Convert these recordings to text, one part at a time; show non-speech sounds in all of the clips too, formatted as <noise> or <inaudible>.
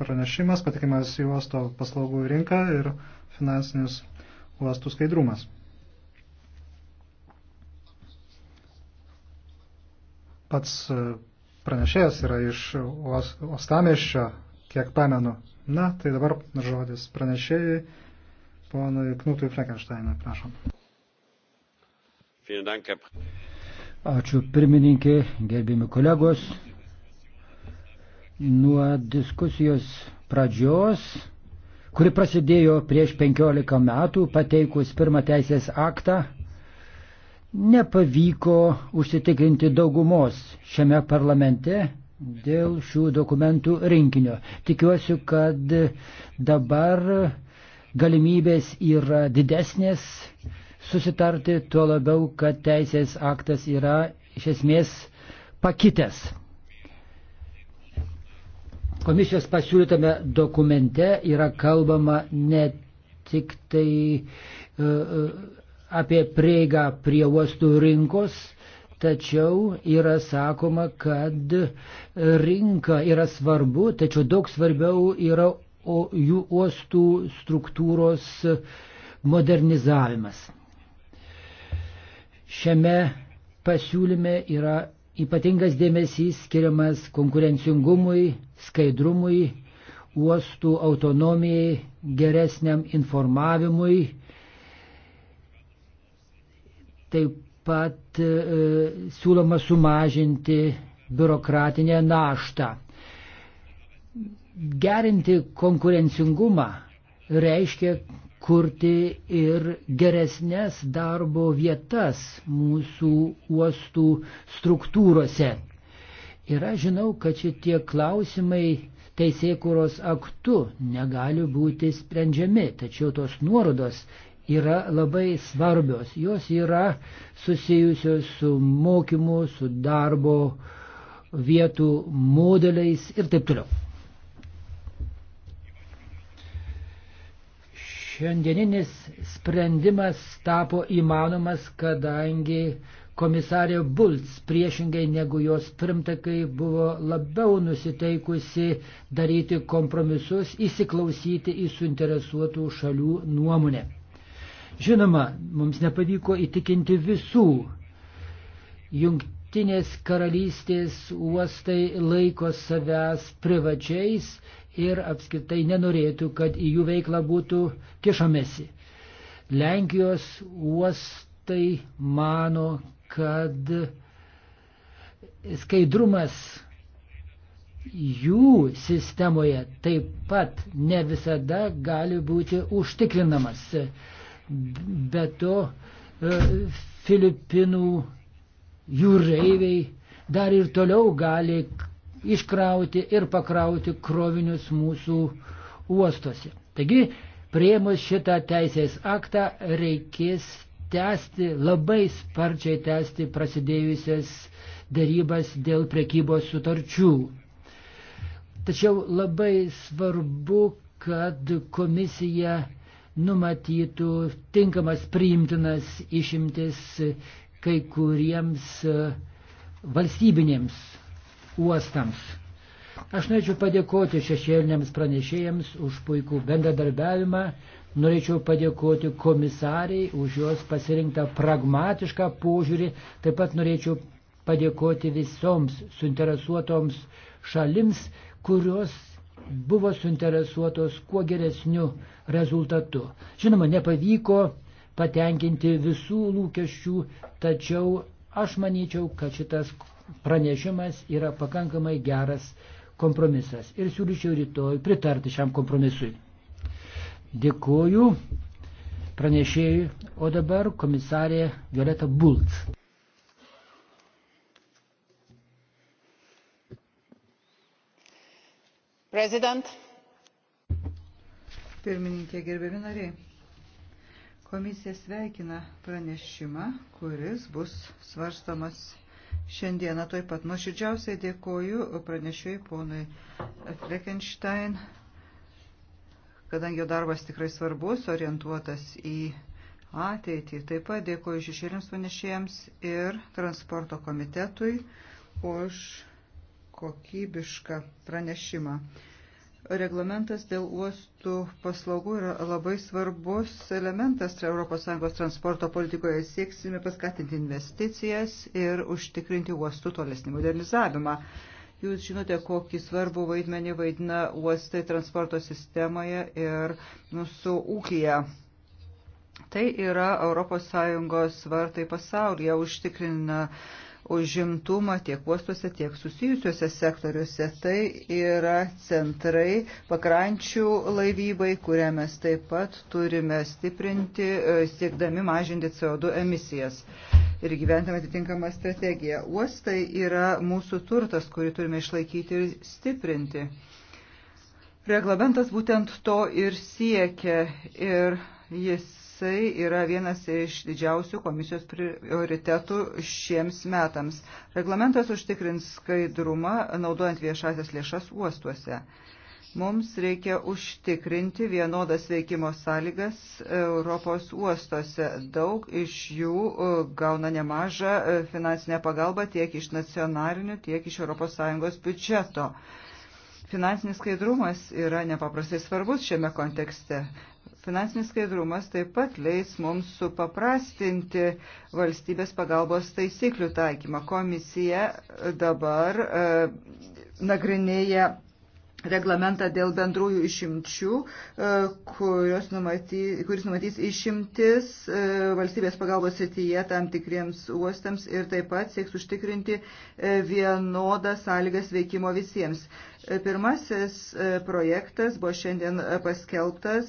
pranešimas, patikimas į uosto paslaugų rinką ir finansinis uostų skaidrumas. Pats e, pranešėjas yra iš Ostamieščio, kiek pamenu. Na, tai dabar žodis pranešėjai ponui Knutui Frankensteinui, prašom. Ačiū pirmininkė, gerbimi kolegos nuo diskusijos pradžios, kuri prasidėjo prieš 15 metų, pateikus pirmą teisės aktą, nepavyko užsitikrinti daugumos šiame parlamente dėl šių dokumentų rinkinio. Tikiuosi, kad dabar galimybės yra didesnės susitarti, tuo labiau, kad teisės aktas yra iš esmės pakitęs. Komisijos pasiūlytame dokumente yra kalbama ne tik tai e, e, apie prieigą prie uostų rinkos, tačiau yra sakoma, kad rinka yra svarbu, tačiau daug svarbiau yra jų uostų struktūros modernizavimas. Šiame pasiūlyme yra ypatingas dėmesys skiriamas konkurencingumui, skaidrumui, uostų autonomijai, geresniam informavimui, taip pat e, siūloma sumažinti biurokratinę naštą. Gerinti konkurencingumą reiškia kurti ir geresnės darbo vietas mūsų uostų struktūrose. Ir aš žinau, kad šitie klausimai teisėkūros aktu negali būti sprendžiami, tačiau tos nuorodos yra labai svarbios. Jos yra susijusios su mokymu, su darbo vietų modeliais ir taip toliau. Šiandieninis sprendimas tapo įmanomas, kadangi komisarė Bulc priešingai negu jos primtakai buvo labiau nusiteikusi daryti kompromisus, įsiklausyti į suinteresuotų šalių nuomonę. Žinoma, mums nepavyko įtikinti visų. Jungtinės karalystės uostai laiko savęs privačiais ir apskritai nenorėtų, kad į jų veiklą būtų kišamesi. Lenkijos uostai mano, kad skaidrumas jų sistemoje taip pat ne visada gali būti užtikrinamas. Be to, e, Filipinų jūreiviai dar ir toliau gali iškrauti ir pakrauti krovinius mūsų uostose. Taigi, prieimus šitą teisės aktą reikės tęsti, labai sparčiai tęsti prasidėjusias darybas dėl prekybos sutarčių. Tačiau labai svarbu, kad komisija numatytų tinkamas priimtinas išimtis kai kuriems e, valstybinėms uostams. Aš norėčiau padėkoti šešėliniams pranešėjams už puikų bendradarbiavimą. Norėčiau padėkoti komisariai už jos pasirinktą pragmatišką požiūrį. Taip pat norėčiau padėkoti visoms suinteresuotoms šalims, kurios buvo suinteresuotos kuo geresniu rezultatu. Žinoma, nepavyko patenkinti visų lūkesčių, tačiau aš manyčiau, kad šitas pranešimas yra pakankamai geras kompromisas ir siūlyčiau rytoj pritarti šiam kompromisui. Dėkuoju pranešėjui, o dabar komisarė Violeta Bulc. President. Pirmininkė, gerbiami nariai. Komisija sveikina pranešimą, kuris bus svarstamas šiandieną. Taip pat nuoširdžiausiai dėkoju pranešiui ponui Fleckenstein kadangi jo darbas tikrai svarbus, orientuotas į ateitį. Taip pat dėkoju šešėliams panešėjams ir transporto komitetui už kokybišką pranešimą. Reglamentas dėl uostų paslaugų yra labai svarbus elementas ES transporto politikoje. Sieksime paskatinti investicijas ir užtikrinti uostų tolesnį modernizavimą. Jūs žinote, kokį svarbų vaidmenį vaidina uostai transporto sistemoje ir mūsų nu, ūkija. Tai yra ES vartai pasaulyje, užtikrina užimtumą tiek uostuose, tiek susijusiuose sektoriuose. Tai yra centrai pakrančių laivybai, kurią mes taip pat turime stiprinti, e, siekdami mažinti CO2 emisijas ir gyventame atitinkamą strategiją. Uostai yra mūsų turtas, kurį turime išlaikyti ir stiprinti. Reglamentas būtent to ir siekia ir jisai yra vienas iš didžiausių komisijos prioritetų šiems metams. Reglamentas užtikrins skaidrumą, naudojant viešasias lėšas uostuose. Viešas Mums reikia užtikrinti vienodas veikimo sąlygas Europos uostose. Daug iš jų e, gauna nemažą e, finansinę pagalbą tiek iš nacionalinių, tiek iš ES biudžeto. Finansinis skaidrumas yra nepaprastai svarbus šiame kontekste. Finansinis skaidrumas taip pat leis mums supaprastinti valstybės pagalbos taisyklių taikymą. Komisija dabar e, nagrinėja reglamentą dėl bendrųjų išimčių, e, numaty, kuris numatys išimtis e, valstybės pagalbos srityje tam tikriems uostams ir taip pat sieks užtikrinti e, vienodas sąlygas veikimo visiems. Pirmasis projektas buvo šiandien paskelbtas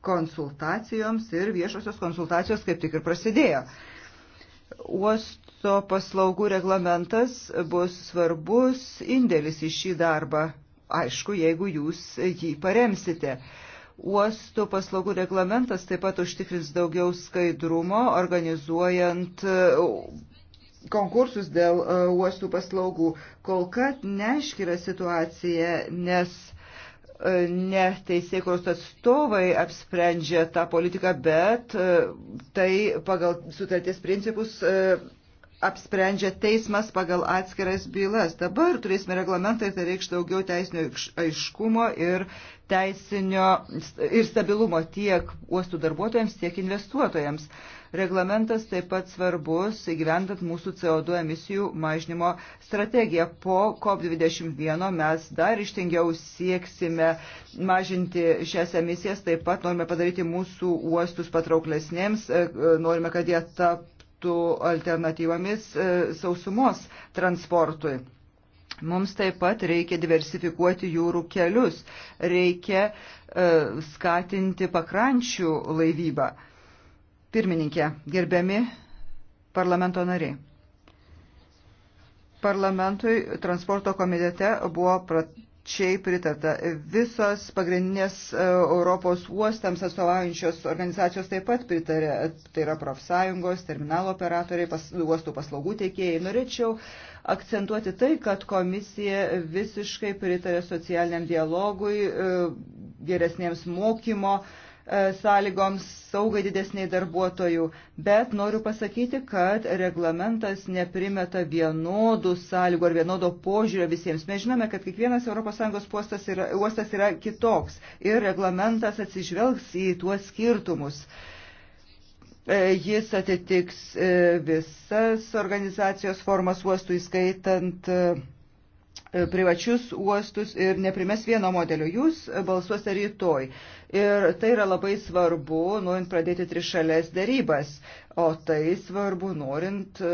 konsultacijoms ir viešosios konsultacijos kaip tik ir prasidėjo. Uostų maisto paslaugų reglamentas bus svarbus indėlis į šį darbą, aišku, jeigu jūs jį paremsite. Uostų paslaugų reglamentas taip pat užtikrins daugiau skaidrumo, organizuojant uh, konkursus dėl uh, uostų paslaugų. Kol kad neaiškira situacija, nes uh, ne teisėkos atstovai apsprendžia tą politiką, bet tai pagal sutarties principus apsprendžia teismas pagal atskiras bylas. Dabar turėsime reglamentą ir tai reikš daugiau teisinio aiškumo ir teisinio ir stabilumo tiek uostų darbuotojams, tiek investuotojams. Reglamentas taip pat svarbus įgyvendant mūsų CO2 emisijų mažnymo strategiją. Po COP21 mes dar ištingiau sieksime mažinti šias emisijas, taip pat norime padaryti mūsų uostus patrauklesnėms, norime, kad jie taptų būtų alternatyvomis e, sausumos transportui. Mums taip pat reikia diversifikuoti jūrų kelius, reikia uh, skatinti pakrančių laivybą. Pirmininkė, gerbiami parlamento nariai. Parlamentui transporto komitete buvo plačiai pritarta. Visos pagrindinės e, Europos uostams atstovaujančios organizacijos taip pat pritarė, tai yra profsąjungos, terminalo operatoriai, pas, uostų paslaugų teikėjai. Norėčiau akcentuoti tai, kad komisija visiškai pritarė socialiniam dialogui, e, geresniems mokymo E, sąlygoms saugai didesniai darbuotojų, bet noriu pasakyti, kad reglamentas neprimeta vienodų sąlygų ar vienodo požiūrio visiems. Mes žinome, kad kiekvienas ES uostas yra, uostas yra kitoks ir reglamentas atsižvelgs į tuos skirtumus. E, jis atitiks e, visas organizacijos formas uostų įskaitant E, privačius uostus ir neprimes vieno modelio. Jūs balsuosite rytoj. Ir tai yra labai svarbu, norint pradėti trišalės darybas. O tai svarbu, norint e,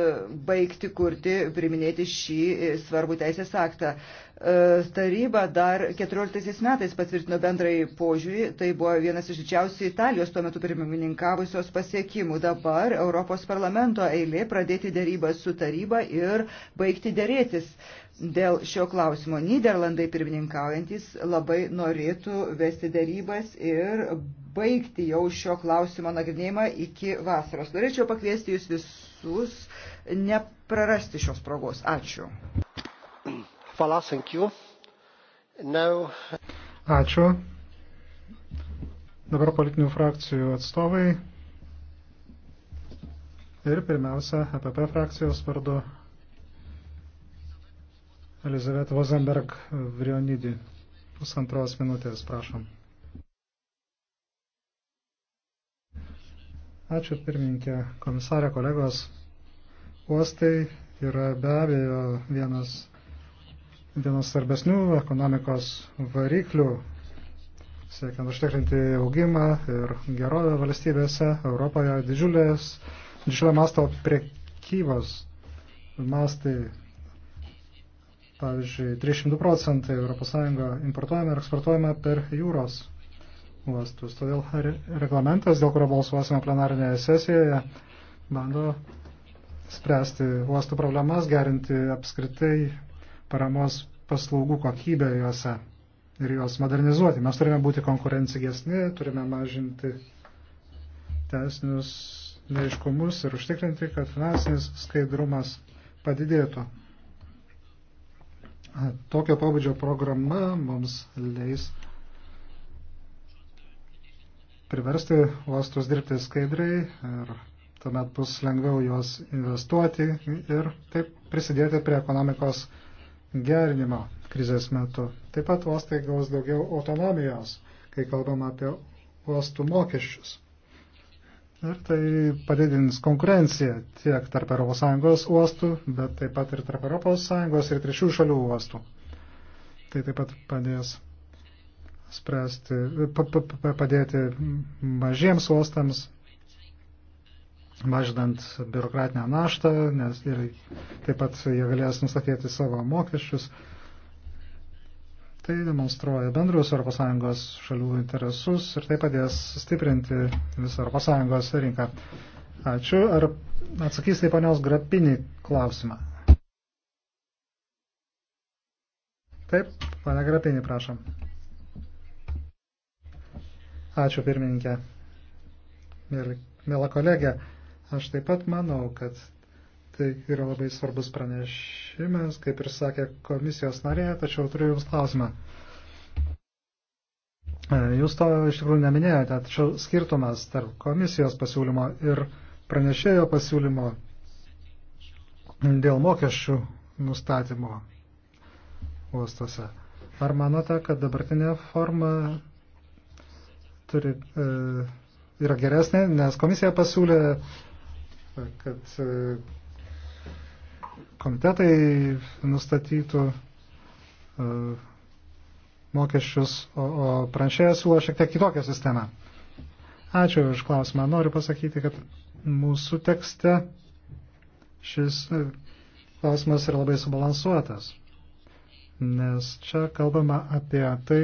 baigti kurti, priminėti šį e, svarbų teisės aktą. Taryba dar 14 metais patvirtino bendrai požiūrį, tai buvo vienas iš didžiausių Italijos tuo metu pirmininkavusios pasiekimų. Dabar Europos parlamento eilė pradėti dėrybą su taryba ir baigti dėrėtis dėl šio klausimo. Niderlandai pirmininkaujantis labai norėtų vesti darybas ir baigti jau šio klausimo nagrinėjimą iki vasaros. Norėčiau pakviesti jūs visus neprarasti šios progos. Ačiū. Voilà, thank you. Now... Ačiū. Dabar politinių frakcijų atstovai. Ir pirmiausia, APP e frakcijos vardu Elizabeth Vozenberg Vrionidį. Pusantros minutės, prašom. Ačiū pirmininkė, komisarė, kolegos. Uostai yra be abejo vienas, vienas svarbesnių ekonomikos variklių, siekiant užtikrinti augimą ir gerovę valstybėse, Europoje didžiulės, didžiulio masto priekybos mastai Pavyzdžiui, 300 procentai ES importuojame ir eksportuojame per jūros uostus. Todėl re reglamentas, dėl kurio balsuosime plenarinėje sesijoje, bando spręsti uostų problemas, gerinti apskritai paramos paslaugų kokybę juose ir juos modernizuoti. Mes turime būti konkurencigesni, turime mažinti teisinius neiškumus ir užtikrinti, kad finansinis skaidrumas padidėtų. Tokio pobūdžio programa mums leis priversti uostus dirbti skaidriai ir tuomet bus lengviau juos investuoti ir taip prisidėti prie ekonomikos gerinimo krizės metu. Taip pat uostai gaus daugiau autonomijos, kai kalbam apie uostų mokesčius. Ir tai padidins konkurenciją tiek tarp ES uostų, bet taip pat ir tarp ES ir trečių šalių uostų. Tai taip pat padės spręsti, padėti mažiems uostams, mažinant biurokratinę naštą, nes ir taip pat jie galės nustatyti savo mokesčius. Tai demonstruoja bendrus ES šalių interesus ir tai padės stiprinti visą ES rinką. Ačiū. Ar atsakys tai panios Grapinį klausimą? Taip, pane Grapinį, prašom. Ačiū, pirmininkė. Mėla kolegė, aš taip pat manau, kad Tai yra labai svarbus pranešimas, kaip ir sakė komisijos narė, tačiau turiu Jums klausimą. E, Jūs to iš tikrųjų neminėjote, tačiau skirtumas tarp komisijos pasiūlymo ir pranešėjo pasiūlymo dėl mokesčių nustatymo uostose. Ar manote, kad dabartinė forma turi, e, yra geresnė, nes komisija pasiūlė, kad e, komitetai nustatytų e, mokesčius, o, o pranšėjas siūlo šiek tiek kitokią sistemą. Ačiū už klausimą. Noriu pasakyti, kad mūsų tekste šis e, klausimas yra labai subalansuotas, nes čia kalbama apie tai,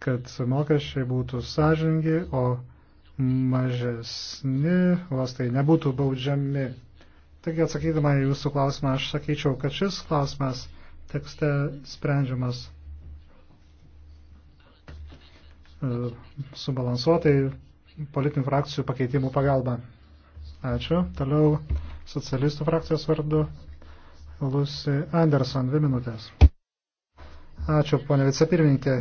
kad mokesčiai būtų sąžingi, o mažesni uostai nebūtų baudžiami Taigi atsakydama į jūsų klausimą, aš sakyčiau, kad šis klausimas tekste sprendžiamas e, subalansuotai politinių frakcijų pakeitimų pagalba. Ačiū. Toliau socialistų frakcijos vardu Lucy Anderson. Dvi minutės. Ačiū, ponė vicepirmininkė.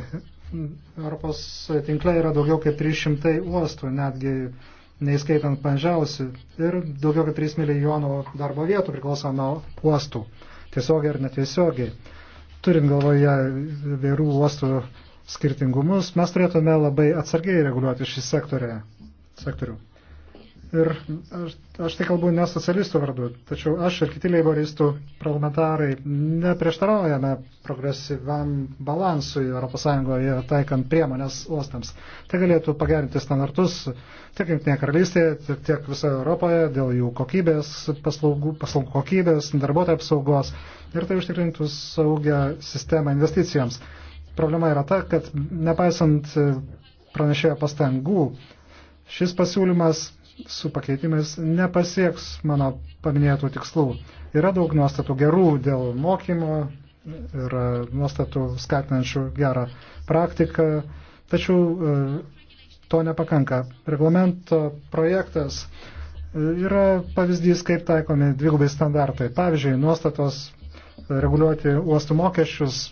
Europos tinkle yra daugiau kaip 300 uostų, netgi neįskaitant mažiausių, ir daugiau kaip 3 milijonų darbo vietų priklauso nuo uostų, tiesiogiai ir netiesiogiai. Turint galvoje vėrų uostų skirtingumus, mes turėtume labai atsargiai reguliuoti šį sektorį, sektorių. Ir aš, aš tai kalbu ne socialistų vardu, tačiau aš ir kiti leiboristų parlamentarai neprieštaraujame progresyviam balansui ES taikant priemonės uostams. Tai galėtų pagerinti standartus tiek Junktinėje karalystėje, tiek, tiek visoje Europoje dėl jų kokybės, paslaugų, paslaugų kokybės, darbuotojų apsaugos ir tai užtikrintų saugią sistemą investicijoms. Problema yra ta, kad nepaisant pranešėjo pastangų, šis pasiūlymas su pakeitimais nepasieks mano paminėtų tikslų. Yra daug nuostatų gerų dėl mokymo, yra nuostatų skatinančių gerą praktiką, tačiau e, to nepakanka. Reglamento projektas e, yra pavyzdys, kaip taikomi dvigubai standartai. Pavyzdžiui, nuostatos e, reguliuoti uostų mokesčius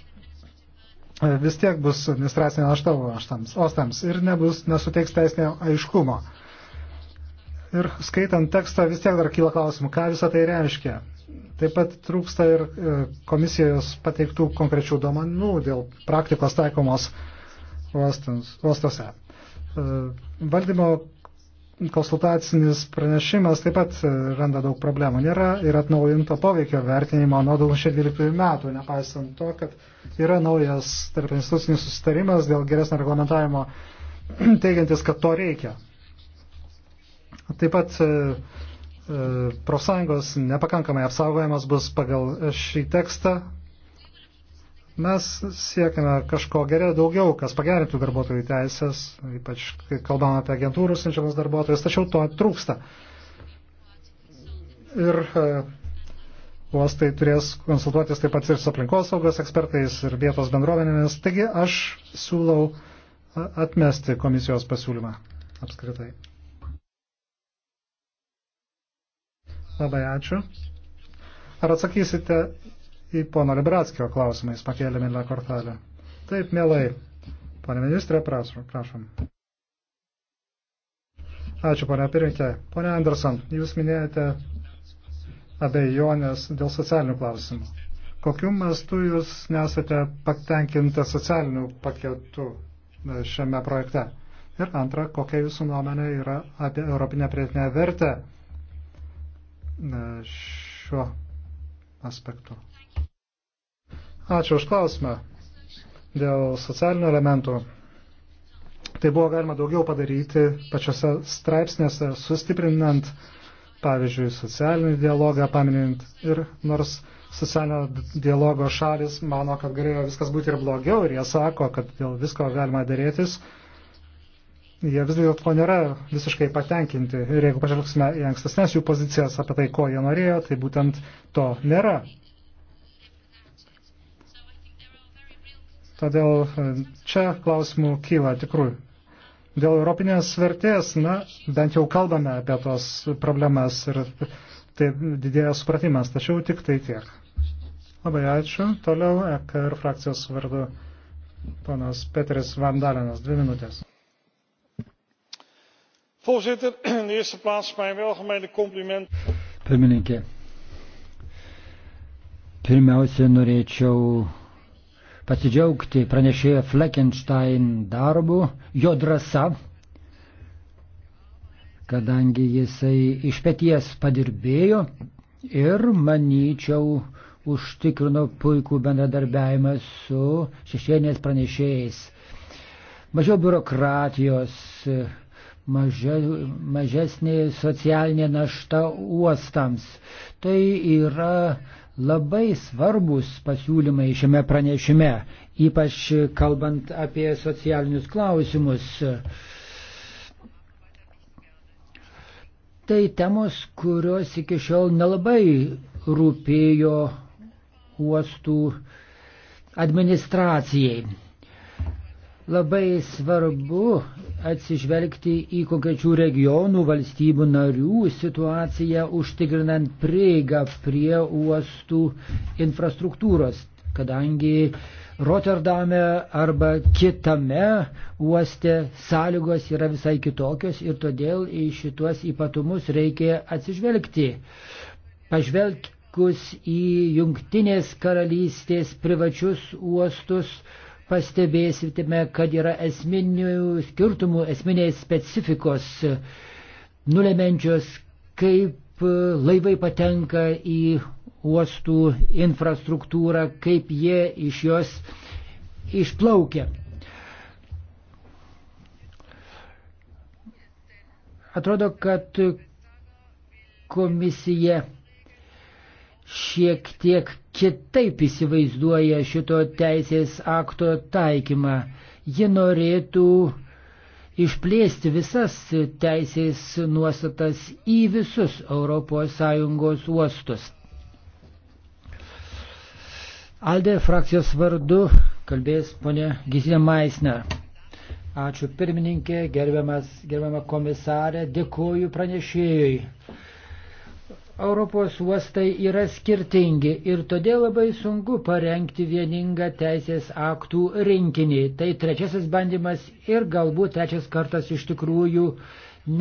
vis tiek bus administracinė našta uostams ir nebus nesuteiks teisinio aiškumo. Ir skaitant tekstą vis tiek dar kyla klausimų, ką visą tai reiškia. Taip pat trūksta ir e, komisijos pateiktų konkrečių domenų dėl praktikos taikomos uostose. E, valdymo konsultacinis pranešimas taip pat e, randa daug problemų. Nėra ir atnaujinto poveikio vertinimo nuo 2012 metų, nepaisant to, kad yra naujas tarp institucinis susitarimas dėl geresnio reglamentavimo, <clears throat> teigiantis, kad to reikia. Taip pat e, e, profsąjungos nepakankamai apsaugojamas bus pagal šį tekstą. Mes siekime kažko geriau daugiau, kas pagerintų darbuotojų teisės, ypač kai kalbame apie agentūrų siunčiamus darbuotojus, tačiau to trūksta. Ir uostai e, turės konsultuotis taip pat ir su aplinkosaugos ekspertais ir vietos bendruomenėmis. Taigi aš siūlau atmesti komisijos pasiūlymą apskritai. Labai ačiū. Ar atsakysite į pono Libratskio klausimą, jis pakėlė mėlyną kortelę. Taip, mielai. Pane ministrė, prašom. Ačiū, pane pirmininkė. Pone Anderson, jūs minėjote abejonės dėl socialinių klausimų. Kokiu mastu jūs nesate patenkinta socialinių paketų e, šiame projekte? Ir antra, kokia jūsų nuomenė yra apie Europinę prietinę vertę šiuo aspektu. Ačiū už klausimą dėl socialinių elementų. Tai buvo galima daugiau padaryti pačiose straipsnėse, sustiprinant, pavyzdžiui, socialinį dialogą, paminint ir nors socialinio dialogo šalis mano, kad galėjo viskas būti ir blogiau ir jie sako, kad dėl visko galima dėrėtis, jie vis dėlto nėra visiškai patenkinti. Ir jeigu pažvelgsime į ankstesnės jų pozicijas apie tai, ko jie norėjo, tai būtent to nėra. Todėl e, čia klausimų kyla tikrųjų. Dėl europinės vertės, na, bent jau kalbame apie tos problemas ir tai didėja supratimas, tačiau tik tai tiek. Labai ačiū. Toliau EKR frakcijos vardu ponas Petris Vandalinas. Dvi minutės. Voorzitter, <clears throat> in de eerste plaats mijn welgemeende compliment. Pirmininkė. Pirmiausia, norėčiau pasidžiaugti pranešėjo Fleckenstein darbu, jo drąsa, kadangi jisai iš pėties padirbėjo ir, manyčiau, užtikrino puikų bendradarbiavimą su šešėlinės pranešėjais. Mažiau biurokratijos, maže, mažesnė socialinė našta uostams. Tai yra labai svarbus pasiūlymai šiame pranešime, ypač kalbant apie socialinius klausimus. Tai temos, kurios iki šiol nelabai rūpėjo uostų administracijai. Labai svarbu atsižvelgti į konkrečių regionų valstybių narių situaciją, užtikrinant prieigą prie uostų infrastruktūros, kadangi Rotterdame arba kitame uoste sąlygos yra visai kitokios ir todėl į šituos ypatumus reikia atsižvelgti. Pažvelgti į jungtinės karalystės privačius uostus, pastebėsime, kad yra esminių skirtumų, esminės specifikos e, nulemenčios, kaip e, laivai patenka į uostų infrastruktūrą, kaip jie iš jos išplaukia. Atrodo, kad komisija šiek tiek kitaip įsivaizduoja šito teisės akto taikymą. Ji norėtų išplėsti visas teisės nuostatas į visus ES uostus. Alde frakcijos vardu kalbės ponė Gizinė Maisner. Ačiū pirmininkė, gerbiamas, gerbiamą komisarę, dėkuoju pranešėjui. Europos uostai yra skirtingi ir todėl labai sunku parengti vieningą teisės aktų rinkinį. Tai trečiasis bandymas ir galbūt trečias kartas iš tikrųjų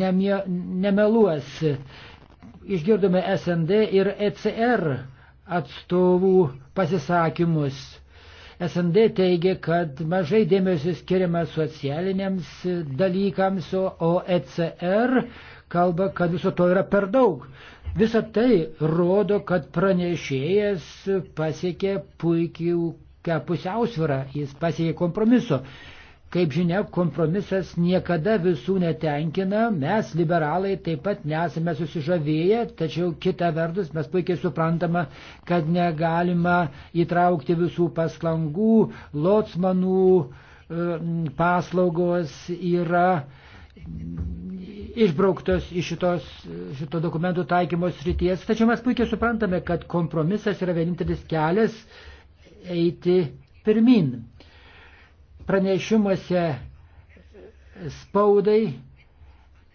nemie, nemeluos. Išgirdome SND ir ECR atstovų pasisakymus. SND teigia, kad mažai dėmesio skiriama socialiniams dalykams, o ECR kalba, kad viso to yra per daug. Visa tai rodo, kad pranešėjas pasiekė puikiai pusiausvyrą, jis pasiekė kompromiso. Kaip žinia, kompromisas niekada visų netenkina, mes liberalai taip pat nesame susižavėję, tačiau kita vertus mes puikiai suprantame, kad negalima įtraukti visų pasklangų, lotsmanų e, paslaugos yra išbrauktos iš šitos, šito dokumentų taikymos srities. Tačiau mes puikiai suprantame, kad kompromisas yra vienintelis kelias eiti pirmin. Pranešimuose spaudai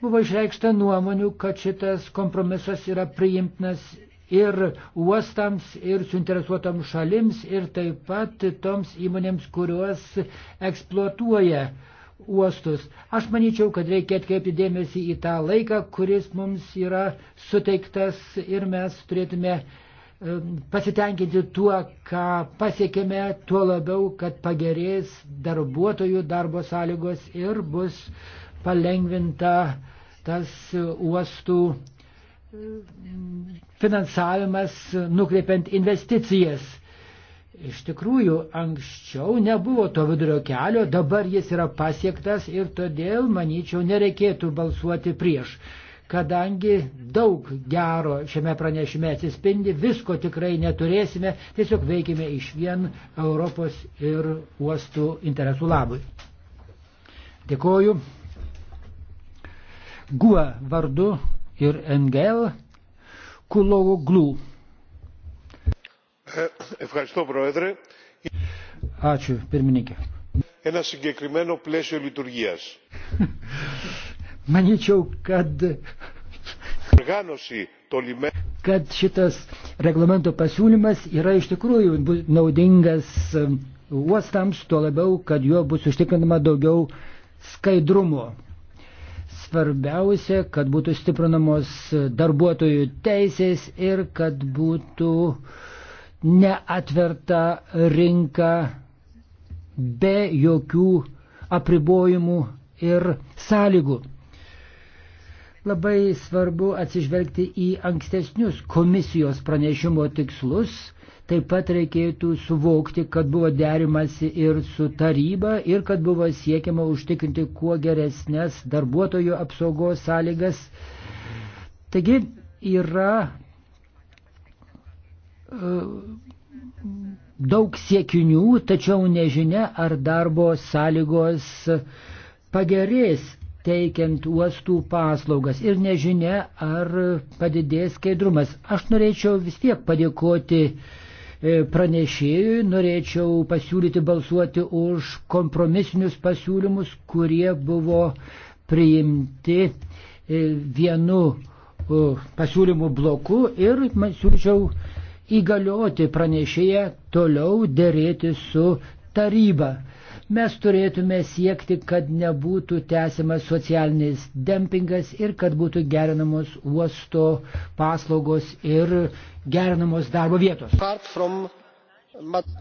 buvo išreikšta nuomonių, kad šitas kompromisas yra priimtinas ir uostams, ir suinteresuotams šalims, ir taip pat toms įmonėms, kurios eksploatuoja uh, uostus. Aš manyčiau, kad reikia atkreipti dėmesį į tą laiką, kuris mums yra suteiktas ir mes turėtume pasitenkinti tuo, ką pasiekėme, tuo labiau, kad pagerės darbuotojų darbo sąlygos ir bus palengvinta tas uostų finansavimas nukreipiant investicijas Iš tikrųjų, anksčiau nebuvo to vidurio kelio, dabar jis yra pasiektas ir todėl, manyčiau, nereikėtų balsuoti prieš, kadangi daug gero šiame pranešime atsispindi, visko tikrai neturėsime, tiesiog veikime iš vien Europos ir uostų interesų labui. Dėkoju. Gua vardu ir Engel Kuloglu. Ačiū, pirmininkė. Ένα συγκεκριμένο πλαίσιο λειτουργίας. Manyčiau, kad kad šitas reglamento pasiūlymas yra iš tikrųjų naudingas um, uostams, tuo labiau, kad juo bus užtikrinama daugiau skaidrumo. Svarbiausia, kad būtų stiprinamos darbuotojų teisės ir kad būtų uh, neatverta rinka be jokių apribojimų ir sąlygų. Labai svarbu atsižvelgti į ankstesnius komisijos pranešimo tikslus, taip pat reikėtų suvokti, kad buvo derimasi ir su taryba ir kad buvo siekiama užtikrinti kuo geresnės darbuotojų apsaugos sąlygas. Taigi yra daug siekinių, tačiau nežinia, ar darbo sąlygos pagerės teikiant uostų paslaugas ir nežinia, ar padidės skaidrumas. Aš norėčiau vis tiek padėkoti e, pranešėjui, norėčiau pasiūlyti balsuoti už kompromisinius pasiūlymus, kurie buvo priimti e, vienu pasiūlymų bloku ir man siūlyčiau įgalioti pranešėją toliau dėrėti su taryba. Mes turėtume siekti, kad nebūtų tęsiamas socialinis dempingas ir kad būtų gerinamos uosto paslaugos ir gerinamos darbo vietos.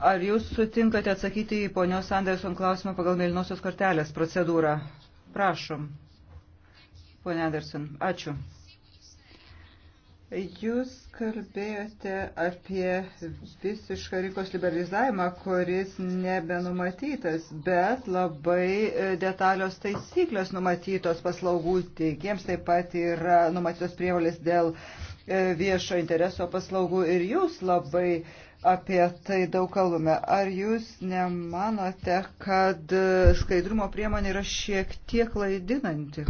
Ar jūs sutinkate atsakyti į ponios Anderson klausimą pagal mėlynosios kortelės procedūrą? Prašom. Pone Anderson, ačiū. Jūs kalbėjote apie visišką rinkos liberalizavimą, kuris nebenumatytas, bet labai e, detalios taisyklės numatytos paslaugų teikiems, taip pat yra numatytos prievalės dėl e, viešo intereso paslaugų ir jūs labai apie tai daug kalbame. Ar jūs nemanote, kad e, skaidrumo priemonė yra šiek tiek klaidinanti?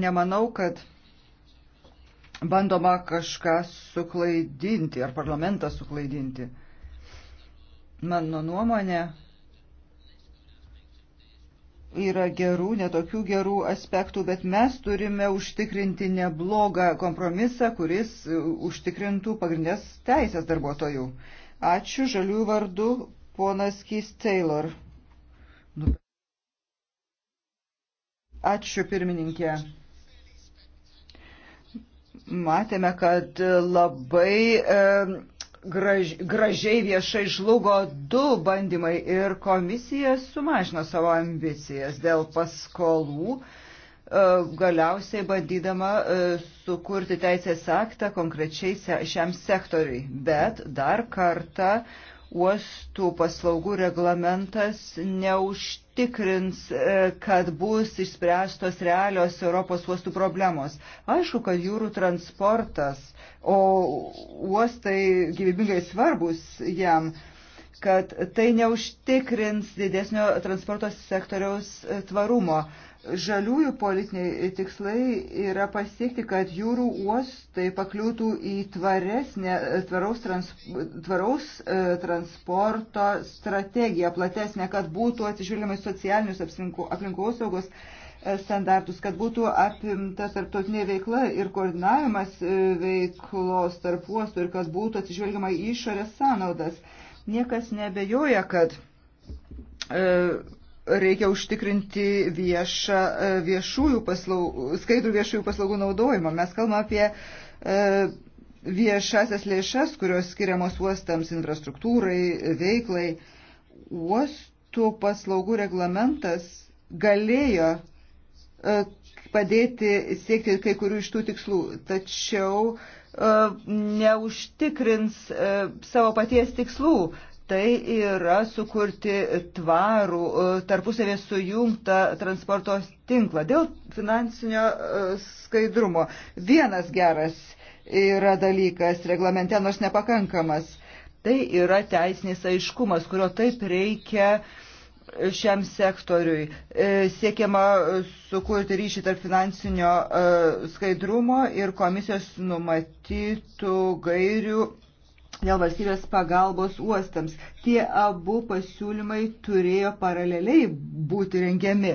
nemanau, kad bandoma kažką suklaidinti ar parlamentą suklaidinti. Mano nuomonė yra gerų, netokių gerų aspektų, bet mes turime užtikrinti neblogą kompromisą, kuris užtikrintų pagrindės teisės darbuotojų. Ačiū žalių vardu, ponas Keith Taylor. Ačiū pirmininkė matėme, kad labai graž, gražiai viešai žlugo du bandymai ir komisija sumažino savo ambicijas dėl paskolų, e, galiausiai bandydama e, sukurti teisės aktą konkrečiai šiam sektoriui. Bet dar kartą uostų paslaugų reglamentas neužtikrina užtikrins, e, kad bus išspręstos realios Europos uostų problemos. Aišku, kad jūrų transportas, o uostai gyvybingai svarbus jam, kad tai neužtikrins didesnio transporto sektoriaus e, tvarumo žaliųjų politiniai tikslai yra pasiekti, kad jūrų uostai pakliūtų į tvaresnę, tvaraus, trans, tvaraus e, transporto strategiją, platesnę, kad būtų atsižiūrėjama į socialinius aplinkosaugos e, standartus, kad būtų apimta tarptautinė veikla ir koordinavimas e, veiklos tarp uostų ir kad būtų atsižvelgiama į išorės sąnaudas. Niekas nebejoja, kad e, reikia užtikrinti viešą, e, viešųjų paslaugų, skaidrų viešųjų paslaugų naudojimą. Mes kalbame apie e, viešasias lėšas, kurios skiriamos uostams infrastruktūrai, veiklai. Uostų paslaugų reglamentas galėjo e, padėti siekti kai kurių iš tų tikslų, tačiau neužtikrins savo paties tikslų tai yra sukurti tvarų, e, tarpusavės sujungtą transporto tinklą dėl finansinio e, skaidrumo. Vienas geras yra dalykas reglamente, nors nepakankamas. Tai yra teisinis aiškumas, kurio taip reikia šiam sektoriui. E, siekiama sukurti ryšį tarp finansinio skaidrumo ir komisijos numatytų gairių dėl valstybės pagalbos uostams. Tie abu pasiūlymai turėjo paraleliai būti rengiami.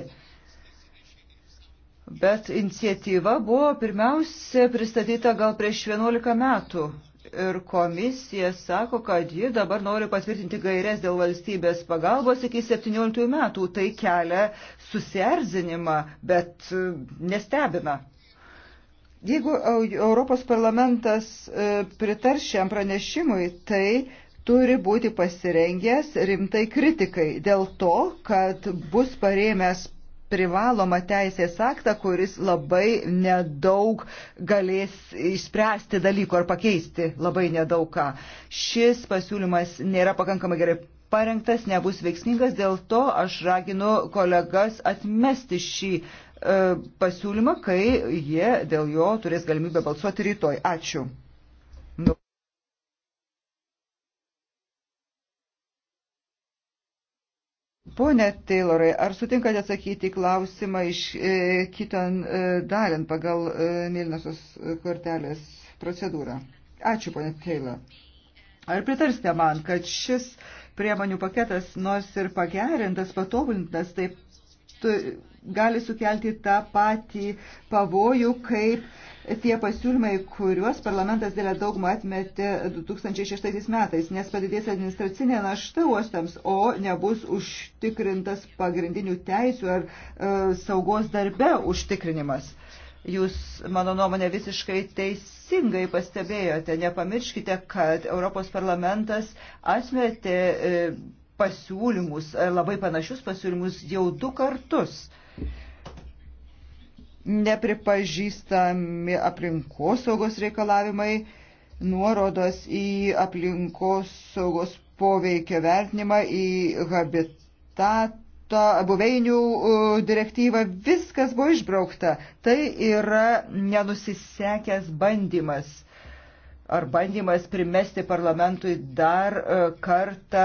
Bet iniciatyva buvo pirmiausia pristatyta gal prieš 11 metų. Ir komisija sako, kad ji dabar nori patvirtinti gairias dėl valstybės pagalbos iki 17 metų. Tai kelia susierzinimą, bet nestebina. Jeigu Europos parlamentas e, pritar šiam pranešimui, tai turi būti pasirengęs rimtai kritikai dėl to, kad bus parėmęs privaloma teisės aktą, kuris labai nedaug galės išspręsti dalykų ar pakeisti labai nedaug ką. Šis pasiūlymas nėra pakankamai gerai parengtas, nebus veiksmingas, dėl to aš raginu kolegas atmesti šį E, pasiūlymą, kai jie dėl jo turės galimybę balsuoti rytoj. Ačiū. Nu. Pone Taylorai, ar sutinkate atsakyti klausimą iš e, kiton e, dalin pagal e, mėlynosios kortelės procedūrą? Ačiū, pone Taylor. Ar pritarsite man, kad šis priemonių paketas, nors ir pagerintas, patobulintas, taip tu, gali sukelti tą patį pavojų, kaip tie pasiūlymai, kuriuos parlamentas dėlė daugumą atmetė 2006 metais, nes padidės administracinė našta uostams, o nebus užtikrintas pagrindinių teisų ar e, saugos darbe užtikrinimas. Jūs, mano nuomonė, visiškai teisingai pastebėjote. Nepamirškite, kad Europos parlamentas atmetė e, pasiūlymus, e, labai panašius pasiūlymus jau du kartus nepripažįstami aplinkosaugos reikalavimai, nuorodos į aplinkosaugos poveikio vertinimą, į habitatą, buveinių direktyvą, viskas buvo išbraukta. Tai yra nenusisekęs bandymas ar bandymas primesti parlamentui dar e, kartą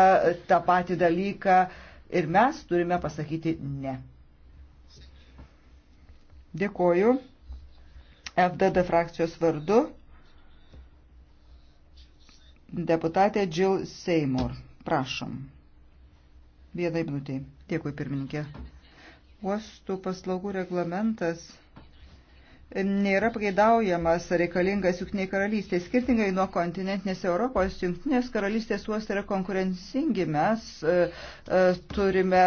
tą patį dalyką ir mes turime pasakyti ne. Dėkoju FDD frakcijos vardu deputatė Jill Seymour. Prašom. Vienai minutė. Dėkui, pirmininkė. Uostų paslaugų reglamentas nėra pageidaujamas reikalingas jungtiniai karalystė. Skirtingai nuo kontinentinės Europos, jungtinės karalystės uostai yra konkurencingi. Mes e, e, turime,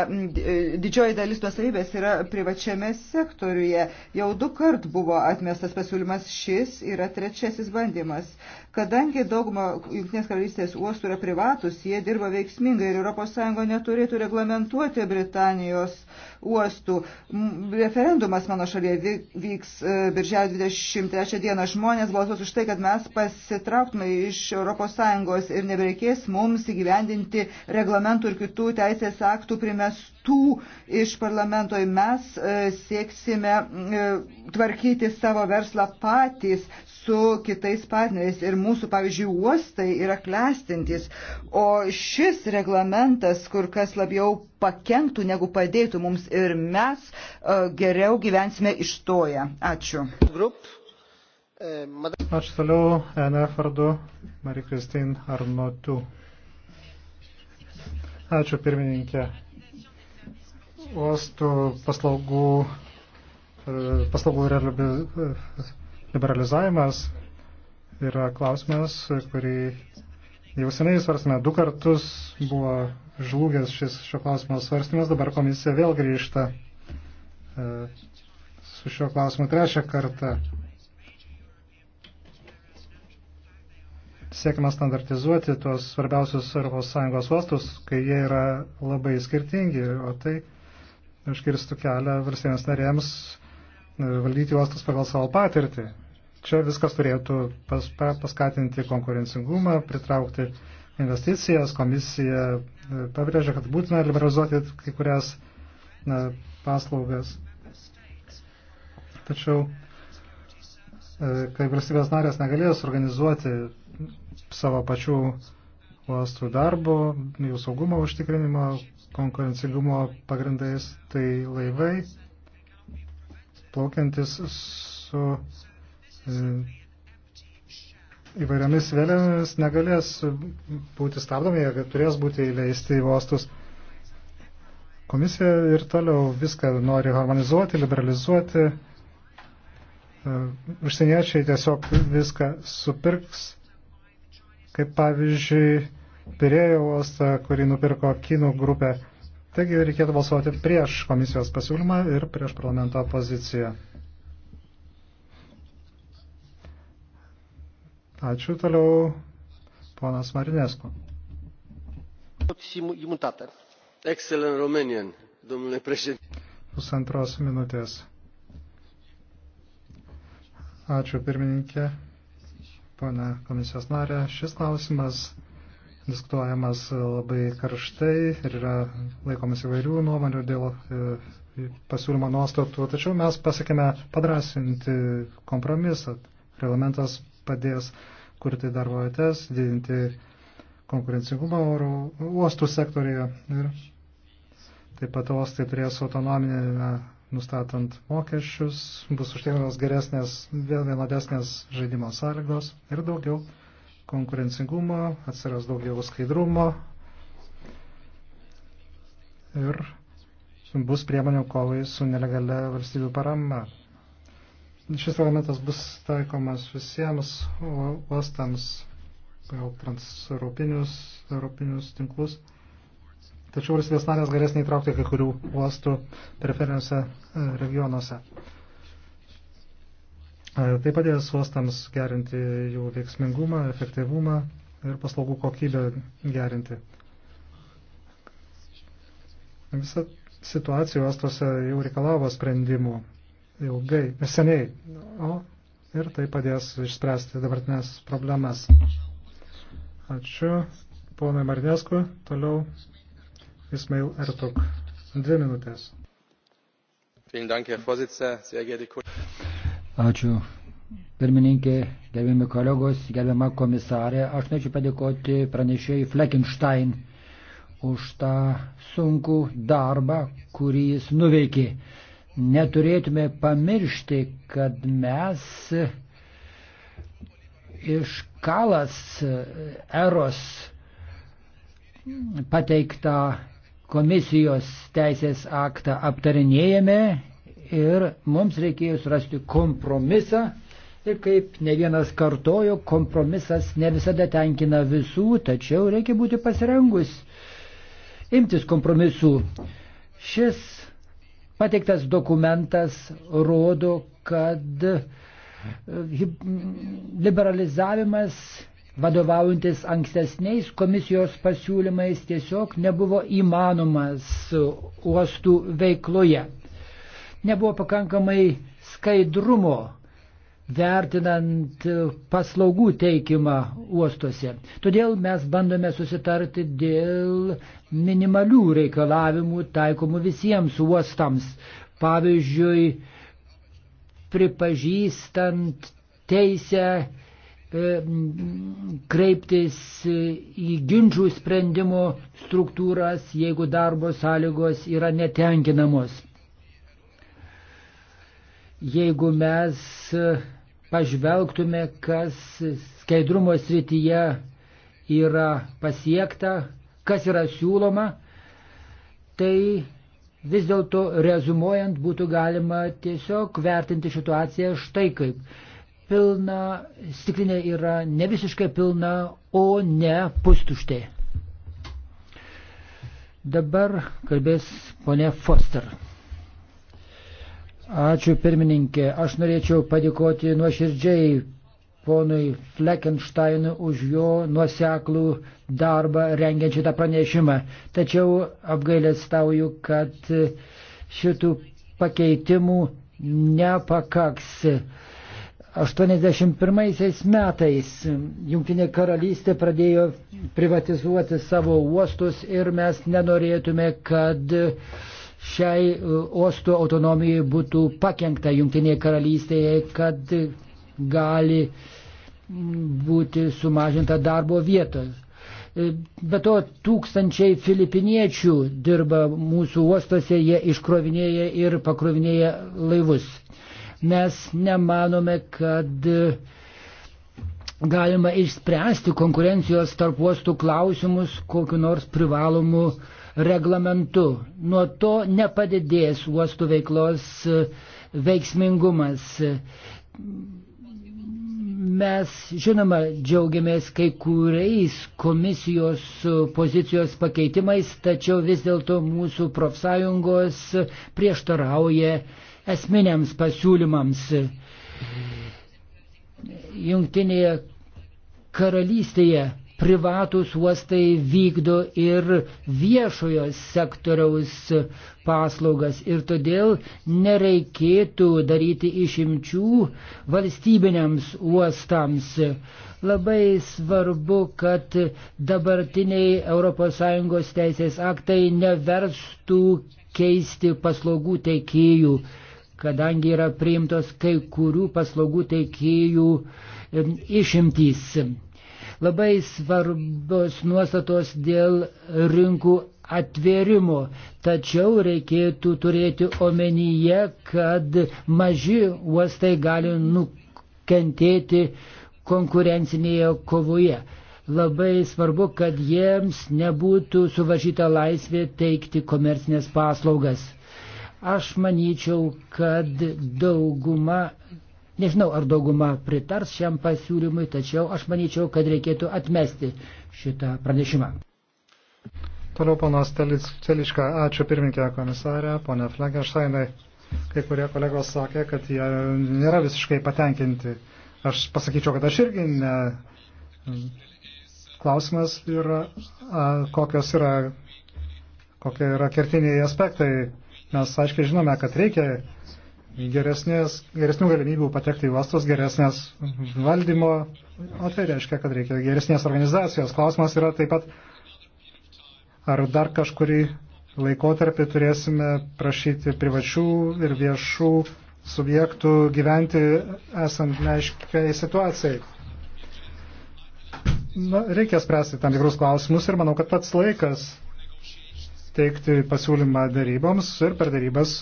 e, didžioji dalis nusavybės yra privačiame sektoriuje. Jau du kart buvo atmestas pasiūlymas, šis yra trečiasis bandymas. Kadangi dauguma Junktinės karalystės uostų yra privatus, jie dirba veiksmingai ir ES neturėtų reglamentuoti Britanijos uostų. Referendumas mano šalyje vyks e, birželio 23 dieną. Žmonės balsuos už tai, kad mes pasitrauktume iš ES ir nebereikės mums įgyvendinti reglamentų ir kitų teisės aktų primestų kitų iš parlamento. Mes e, sieksime e, tvarkyti savo verslą patys su kitais partneriais ir mūsų, pavyzdžiui, uostai yra klestintis. O šis reglamentas kur kas labiau pakenktų negu padėtų mums ir mes e, geriau gyvensime ištoję. Ačiū. Grup. Ačiū toliau, NF vardu, Marija Kristin Arnotu. Ačiū pirmininkė uostų paslaugų, e, paslaugų e, liberalizavimas yra klausimas, kurį jau seniai svarstame. Du kartus buvo žlugęs šis šio klausimo svarstymas, dabar komisija vėl grįžta e, su šio klausimu trečią kartą. Siekime standartizuoti tuos svarbiausius ES uostus, kai jie yra labai skirtingi, o tai iškirstų kelią valstybės narėms e, valdyti uostus pagal savo patirtį. Čia viskas turėtų pas, pa, paskatinti konkurencingumą, pritraukti investicijas. Komisija e, pabrėžia, kad būtina liberalizuoti kai kurias na, paslaugas. Tačiau, e, kai valstybės narės negalės organizuoti savo pačių uostų darbo, jų saugumo užtikrinimo, konkurencingumo pagrindais, tai laivai plaukiantis su e, įvairiomis vėliavomis negalės būti stabdomi, jie turės būti įleisti į uostus. Komisija ir toliau viską nori harmonizuoti, liberalizuoti. E, užsieniečiai tiesiog viską supirks, kaip pavyzdžiui Pirėjo uostą, kurį nupirko kinų grupė. Taigi reikėtų balsuoti prieš komisijos pasiūlymą ir prieš parlamento poziciją. Ačiū toliau, ponas Marinescu. Excellent Romanian, domnule președinte. Pusantros minutės. Ačiū pirmininkė, pana komisijos narė. Šis klausimas diskutuojamas e, labai karštai ir yra laikomas įvairių nuomonių dėl e, pasiūlymo nuostatų, tačiau mes pasiekėme padrasinti kompromisą. Reglamentas padės kurti darbo vietas, didinti konkurencingumą oro uostų sektorijoje ir taip pat uostai turės autonominę nustatant mokesčius, bus užtikrintos geresnės, vienodesnės žaidimo sąlygos ir daugiau konkurencingumo, atsiras daugiau skaidrumo ir bus priemonių kovai su nelegalia valstybių parama. Šis elementas bus taikomas visiems uostams, transeuropinius europinius tinklus. Tačiau valstybės narės galės neįtraukti kai kurių uostų periferiniuose e, regionuose. Taip padės uostams gerinti jų veiksmingumą, efektyvumą ir paslaugų kokybę gerinti. Visa situacija uostose jau reikalavo sprendimų ilgai, seniai, o ir tai padės išspręsti dabartinės problemas. Ačiū ponui Marneskui, toliau Ismail Ertuk. Dvi minutės. Vielen Dank, Herr Vorsitzender, sehr geehrte Kollegen. Ačiū. Pirmininkė, gerbiami kolegos, gerbiama komisarė, aš norėčiau padėkoti pranešėjai Fleckenstein už tą sunkų darbą, kurį jis nuveikė. Neturėtume pamiršti, kad mes iš kalas eros pateiktą komisijos teisės aktą aptarinėjame ir mums reikėjo surasti kompromisą. Ir kaip ne vienas kartojo, kompromisas ne visada tenkina visų, tačiau reikia būti pasirengus imtis kompromisų. Šis pateiktas dokumentas rodo, kad e, liberalizavimas vadovaujantis ankstesniais komisijos pasiūlymais tiesiog nebuvo įmanomas uostų veikloje nebuvo pakankamai skaidrumo vertinant paslaugų teikimą uostuose. Todėl mes bandome susitarti dėl minimalių reikalavimų taikomų visiems uostams. Pavyzdžiui, pripažįstant teisę e, kreiptis į ginčių sprendimo struktūras, jeigu darbo sąlygos yra netenkinamos. Jeigu mes e, pažvelgtume, kas skaidrumo srityje yra pasiekta, kas yra siūloma, tai vis dėlto rezumuojant būtų galima tiesiog vertinti situaciją štai kaip. Pilna, stiklinė yra ne visiškai pilna, o ne pustuštė. Dabar kalbės ponė Foster. Ačiū pirmininkė. Aš norėčiau padėkoti nuoširdžiai ponui Fleckensteinui už jo nuoseklų darbą rengiant šitą pranešimą. Tačiau apgailestauju, kad šitų pakeitimų nepakaks. 81 metais Junktinė karalystė pradėjo privatizuoti savo uostus ir mes nenorėtume, kad uh, šiai e, uosto autonomijai būtų pakengta Junktinėje karalystėje, kad gali būti sumažinta darbo vieta. E, be to, tūkstančiai filipiniečių dirba mūsų uostose, jie iškrovinėja ir pakrovinėja laivus. Mes nemanome, kad e, galima išspręsti konkurencijos tarp uostų klausimus kokiu nors privalomu uh, reglamentu. Nuo to nepadidės uostų veiklos e, veiksmingumas. Mes, žinoma, džiaugiamės kai kuriais komisijos pozicijos pakeitimais, tačiau vis dėlto mūsų profsąjungos prieštarauja esminiams pasiūlymams. Jungtinėje karalystėje privatus uostai vykdo ir viešojo sektoriaus paslaugas ir todėl nereikėtų daryti išimčių valstybiniams uostams. Labai svarbu, kad dabartiniai ES teisės aktai neverstų keisti paslaugų teikėjų, kadangi yra priimtos kai kurių paslaugų teikėjų išimtys. Labai svarbios nuostatos dėl rinkų atvėrimo, tačiau reikėtų turėti omenyje, kad maži uostai gali nukentėti konkurencinėje kovoje labai svarbu, kad jiems nebūtų suvažyta laisvė teikti komercinės paslaugas. Aš manyčiau, kad dauguma Nežinau, ar dauguma pritars šiam pasiūlymui, tačiau aš manyčiau, kad reikėtų atmesti šitą pranešimą. Toliau ponas Teliška, ačiū pirmininkė komisarė, ponė Flankensteinai. Kai kurie kolegos sakė, kad jie nėra visiškai patenkinti. Aš pasakyčiau, kad aš irgi ne. Klausimas yra, a, kokios yra, kokie yra kertiniai aspektai. Mes aiškiai žinome, kad reikia geresnės, geresnių galimybių patekti į uostus, geresnės valdymo, o tai reiškia, kad reikia geresnės organizacijos. Klausimas yra taip pat, ar dar kažkurį laikotarpį turėsime prašyti privačių ir viešų subjektų gyventi esant neaiškiai situacijai. Na, reikia spręsti tam tikrus klausimus ir manau, kad pats laikas teikti pasiūlymą daryboms ir per darybas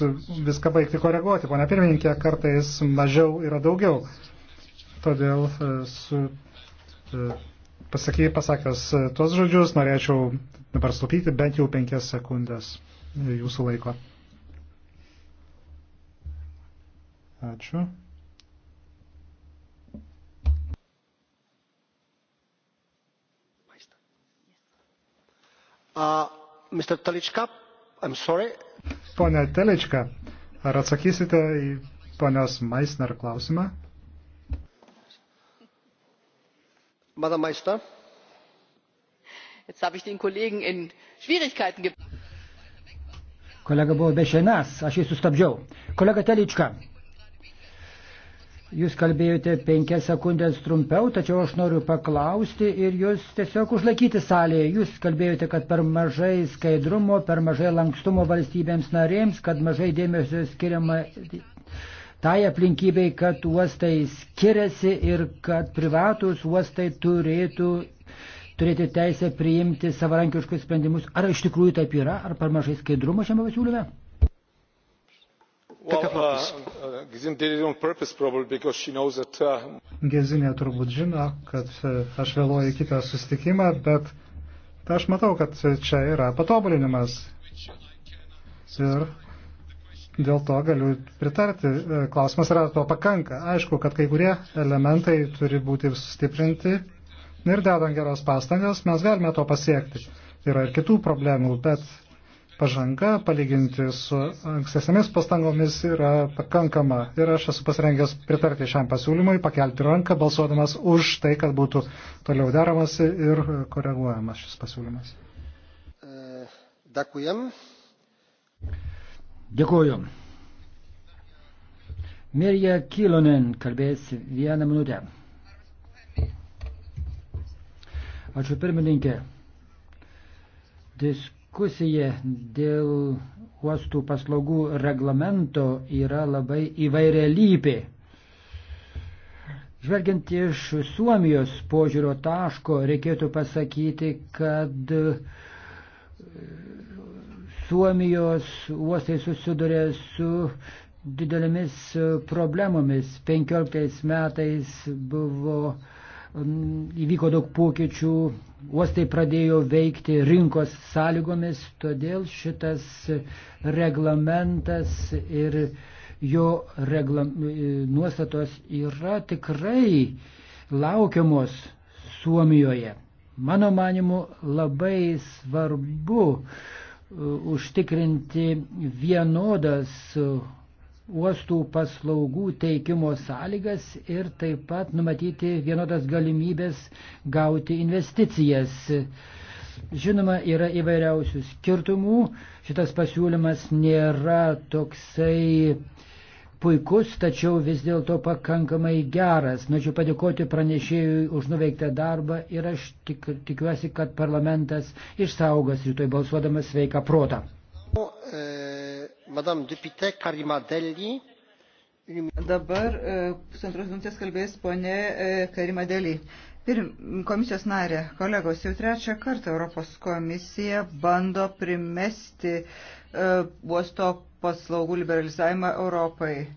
viską baigti koreguoti. Pone pirmininkė, kartais mažiau yra daugiau. Todėl e, su, e, pasaky, pasakęs tuos žodžius norėčiau dabar slupyti bent jau penkias sekundės jūsų laiko. Ačiū. Uh, Mr. Telička, I'm sorry. Pone Telička, ar atsakysite į ponios Maisner klausimą? Madam Maisner. Jetzt habe ich den Kollegen in Schwierigkeiten gebracht. Kolega buvo be šeinas, aš jį sustabdžiau. Kolega Telička, Jūs kalbėjote penkias sekundės trumpiau, tačiau aš noriu paklausti ir jūs tiesiog užlaikyti salėje. Jūs kalbėjote, kad per mažai skaidrumo, per mažai lankstumo valstybėms narėms, kad mažai dėmesio skiriama tai aplinkybei, kad uostai skiriasi ir kad privatus uostai turėtų turėti teisę priimti savarankiškus sprendimus. Ar iš tikrųjų taip yra, ar per mažai skaidrumo šiame pasiūlyme? Well, uh, Uh, Gezinė turbūt žino, kad e, aš vėluoju kitą sustikimą, bet aš matau, kad čia yra patobulinimas. Ir dėl to galiu pritarti. E, klausimas yra, to pakanka. Aišku, kad kai kurie elementai turi būti sustiprinti ir dedant geras pastangas mes galime to pasiekti. Yra ir kitų problemų, bet pažanga palyginti su ankstesnėmis pastangomis yra pakankama ir aš esu pasirengęs pritarti šiam pasiūlymui, pakelti ranką, balsuodamas už tai, kad būtų toliau deramasi ir koreguojamas šis pasiūlymas. Dėkujam. Dėkuoju. Mirja Kilonen kalbės vieną minutę. Ačiū pirmininkė. Disku diskusija dėl uostų paslaugų reglamento yra labai įvairialypė. Žvelgiant iš Suomijos požiūrio taško, reikėtų pasakyti, kad Suomijos uostai susiduria su didelėmis problemomis. 15 metais buvo įvyko daug pokyčių uostai pradėjo veikti rinkos sąlygomis, todėl šitas reglamentas ir jo reglam, nuostatos yra tikrai laukiamos Suomijoje. Mano manimu, labai svarbu uh, užtikrinti vienodas uostų paslaugų teikimo sąlygas ir taip pat numatyti vienodas galimybės gauti investicijas. Žinoma, yra įvairiausių skirtumų. Šitas pasiūlymas nėra toksai puikus, tačiau vis dėlto pakankamai geras. Norėčiau padėkoti pranešėjui už nuveiktą darbą ir aš tik, tikiuosi, kad parlamentas išsaugos rytoj balsuodamas sveiką protą. O, e... Dabar e, pusantros minutės kalbės ponė e, Karimadeli. Pirm, komisijos narė, kolegos, jau trečią kartą Europos komisija bando primesti uh, uosto paslaugų liberalizavimą Europai. Uh,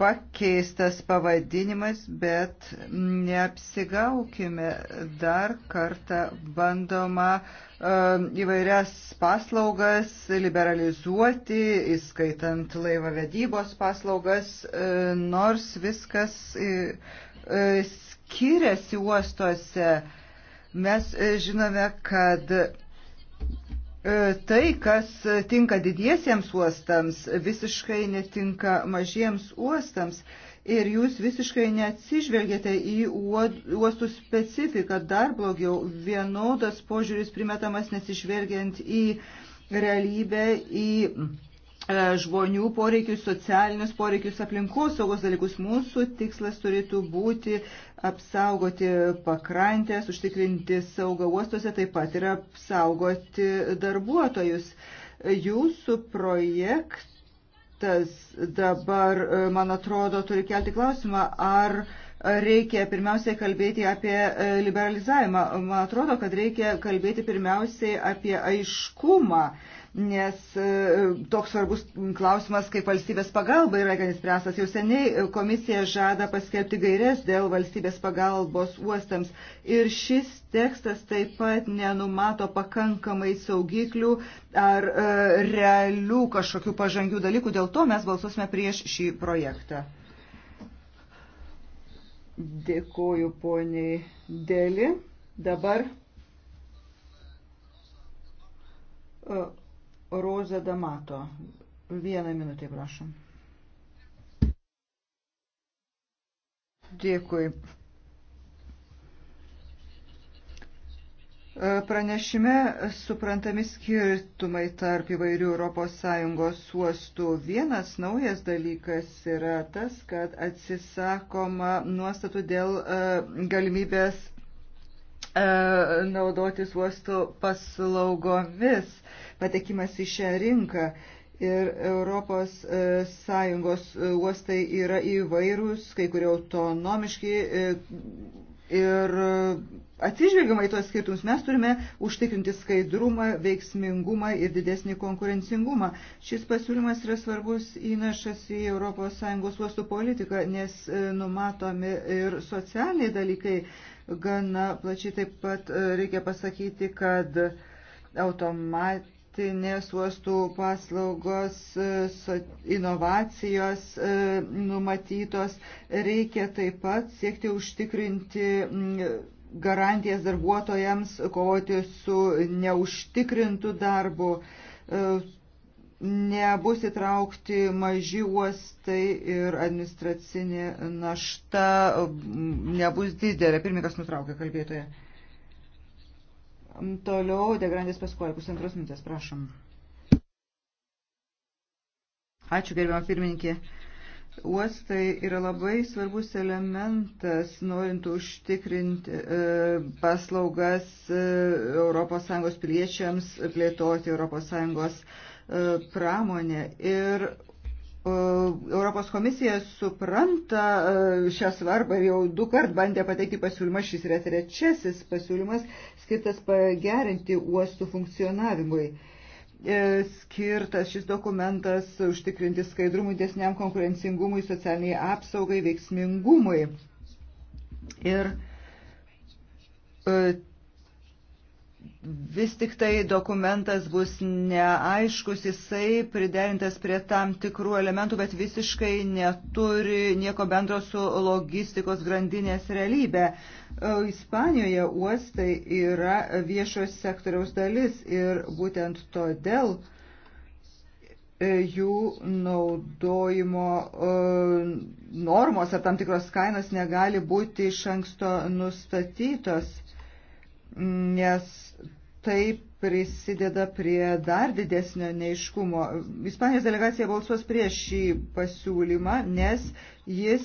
pakeistas pavadinimas, bet neapsigaukime dar kartą bandoma e, įvairias paslaugas liberalizuoti, įskaitant laivo vedybos paslaugas, e, nors viskas e, skiriasi uostuose. Mes žinome, kad E, tai, kas tinka didiesiems uostams, visiškai netinka mažiems uostams. Ir jūs visiškai neatsižvelgėte į uostų specifiką, dar blogiau, vienodas požiūris primetamas nesižvelgiant į realybę, į e, žmonių poreikius, socialinius poreikius, aplinkosaugos dalykus. Mūsų tikslas turėtų būti apsaugoti pakrantės, užtikrinti saugą uostuose, taip pat ir apsaugoti darbuotojus. Jūsų projektas dabar, man atrodo, turi kelti klausimą, ar reikia pirmiausiai kalbėti apie liberalizavimą. Man atrodo, kad reikia kalbėti pirmiausiai apie aiškumą nes e, toks svarbus klausimas kaip valstybės pagalba yra gan įspręstas. Jau seniai komisija žada paskelbti gairias dėl valstybės pagalbos uostams ir šis tekstas taip pat nenumato pakankamai saugiklių ar e, realių kažkokių pažangių dalykų, dėl to mes balsuosime prieš šį projektą. Dėkuoju poniai Dėlį. Dabar e, Roza Damato. Vieną minutę, prašom. Dėkui. Pranešime suprantami skirtumai tarp įvairių ES uostų. Vienas naujas dalykas yra tas, kad atsisakoma nuostatų dėl e, galimybės E, naudotis uostų paslaugomis, patekimas į šią rinką. Ir Europos e, Sąjungos e, uostai yra įvairūs, kai kurie autonomiški ir atsižvelgiamai tuos skirtumus mes turime užtikrinti skaidrumą, veiksmingumą ir didesnį konkurencingumą. Šis pasiūlymas yra svarbus įnašas į ES uostų politiką, nes numatomi ir socialiniai dalykai gana plačiai. Taip pat e, reikia pasakyti, kad automatinės uostų paslaugos, e, inovacijos e, numatytos. Reikia taip pat siekti užtikrinti garantijas darbuotojams, kovoti su neužtikrintu darbu nebus įtraukti maži uostai ir administracinė našta nebus didelė. Pirmininkas nutraukė kalbėtoje. Toliau Degrandės paskuoja pusantros minutės, prašom. Ačiū gerbiamą pirmininkį. Uostai yra labai svarbus elementas, norint užtikrinti e, paslaugas ES piliečiams, plėtoti ES E, pramonę. Ir e, Europos komisija supranta e, šią svarbą ir jau du kart bandė pateikti pasiūlymą, šis yra trečiasis pasiūlymas, skirtas pagerinti uostų funkcionavimui. Skirtas šis dokumentas užtikrinti skaidrumui, desniam konkurencingumui, socialiniai apsaugai, veiksmingumui. Ir vis tik tai dokumentas bus neaiškus, jisai priderintas prie tam tikrų elementų, bet visiškai neturi nieko bendro su logistikos grandinės realybė. E, Ispanijoje uostai yra viešos sektoriaus dalis ir būtent todėl e, jų naudojimo e, normos ar tam tikros kainos negali būti iš anksto nustatytos nes tai prisideda prie dar didesnio neiškumo. Ispanijos delegacija balsuos prieš šį pasiūlymą, nes jis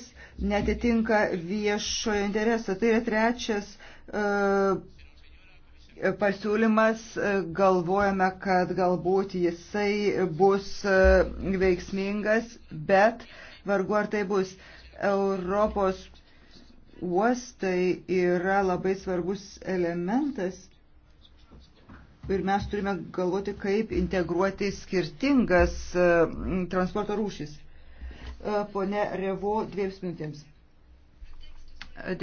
netitinka viešojo intereso. Tai yra trečias uh, pasiūlymas, e, galvojame, kad galbūt jisai bus uh, veiksmingas, bet vargu ar tai bus. Europos uostai yra labai svarbus elementas ir mes turime galvoti, kaip integruoti skirtingas e, transporto rūšis. E, pone Revo, dviems minutėms.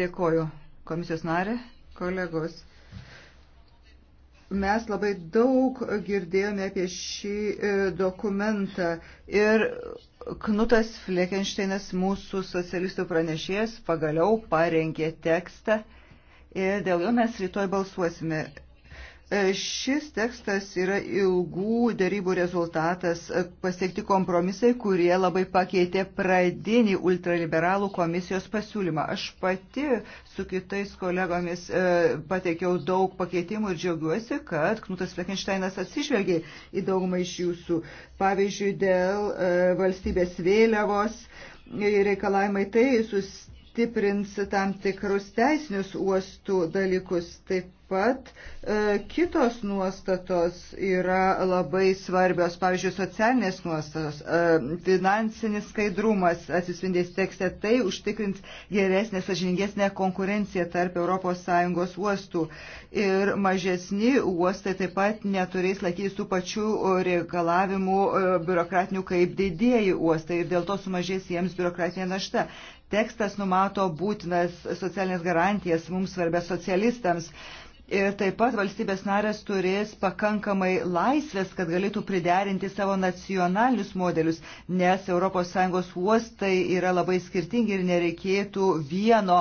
Dėkoju, komisijos narė, kolegos. Mes labai daug girdėjome apie šį e, dokumentą ir Knutas Fleckensteinas, mūsų socialistų pranešėjas, pagaliau parengė tekstą ir dėl jo mes rytoj balsuosime. E, šis tekstas yra ilgų darybų rezultatas, e, pasiekti kompromisai, kurie labai pakeitė pradinį ultraliberalų komisijos pasiūlymą. Aš pati su kitais kolegomis e, pateikiau daug pakeitimų ir džiaugiuosi, kad Knutas Fleckensteinas atsižvelgė į daugumą iš jūsų. Pavyzdžiui, dėl e, valstybės vėliavos reikalavimai tai sustiprins tam tikrus teisinius uostų dalykus. Taip pat e, kitos nuostatos yra labai svarbios, pavyzdžiui, socialinės nuostatos, e, finansinis skaidrumas atsispindės tekste, tai užtikrins geresnę, sažiningesnę konkurenciją tarp ES uostų ir mažesni uostai taip pat neturės laikytis tų pačių reikalavimų e, biurokratinių kaip didėjai uostai ir dėl to sumažės jiems biurokratinė našta. Tekstas numato būtinas socialinės garantijas mums svarbia socialistams. Ir taip pat valstybės narės turės pakankamai laisvės, kad galėtų priderinti savo nacionalinius modelius, nes ES uostai yra labai skirtingi ir nereikėtų vieno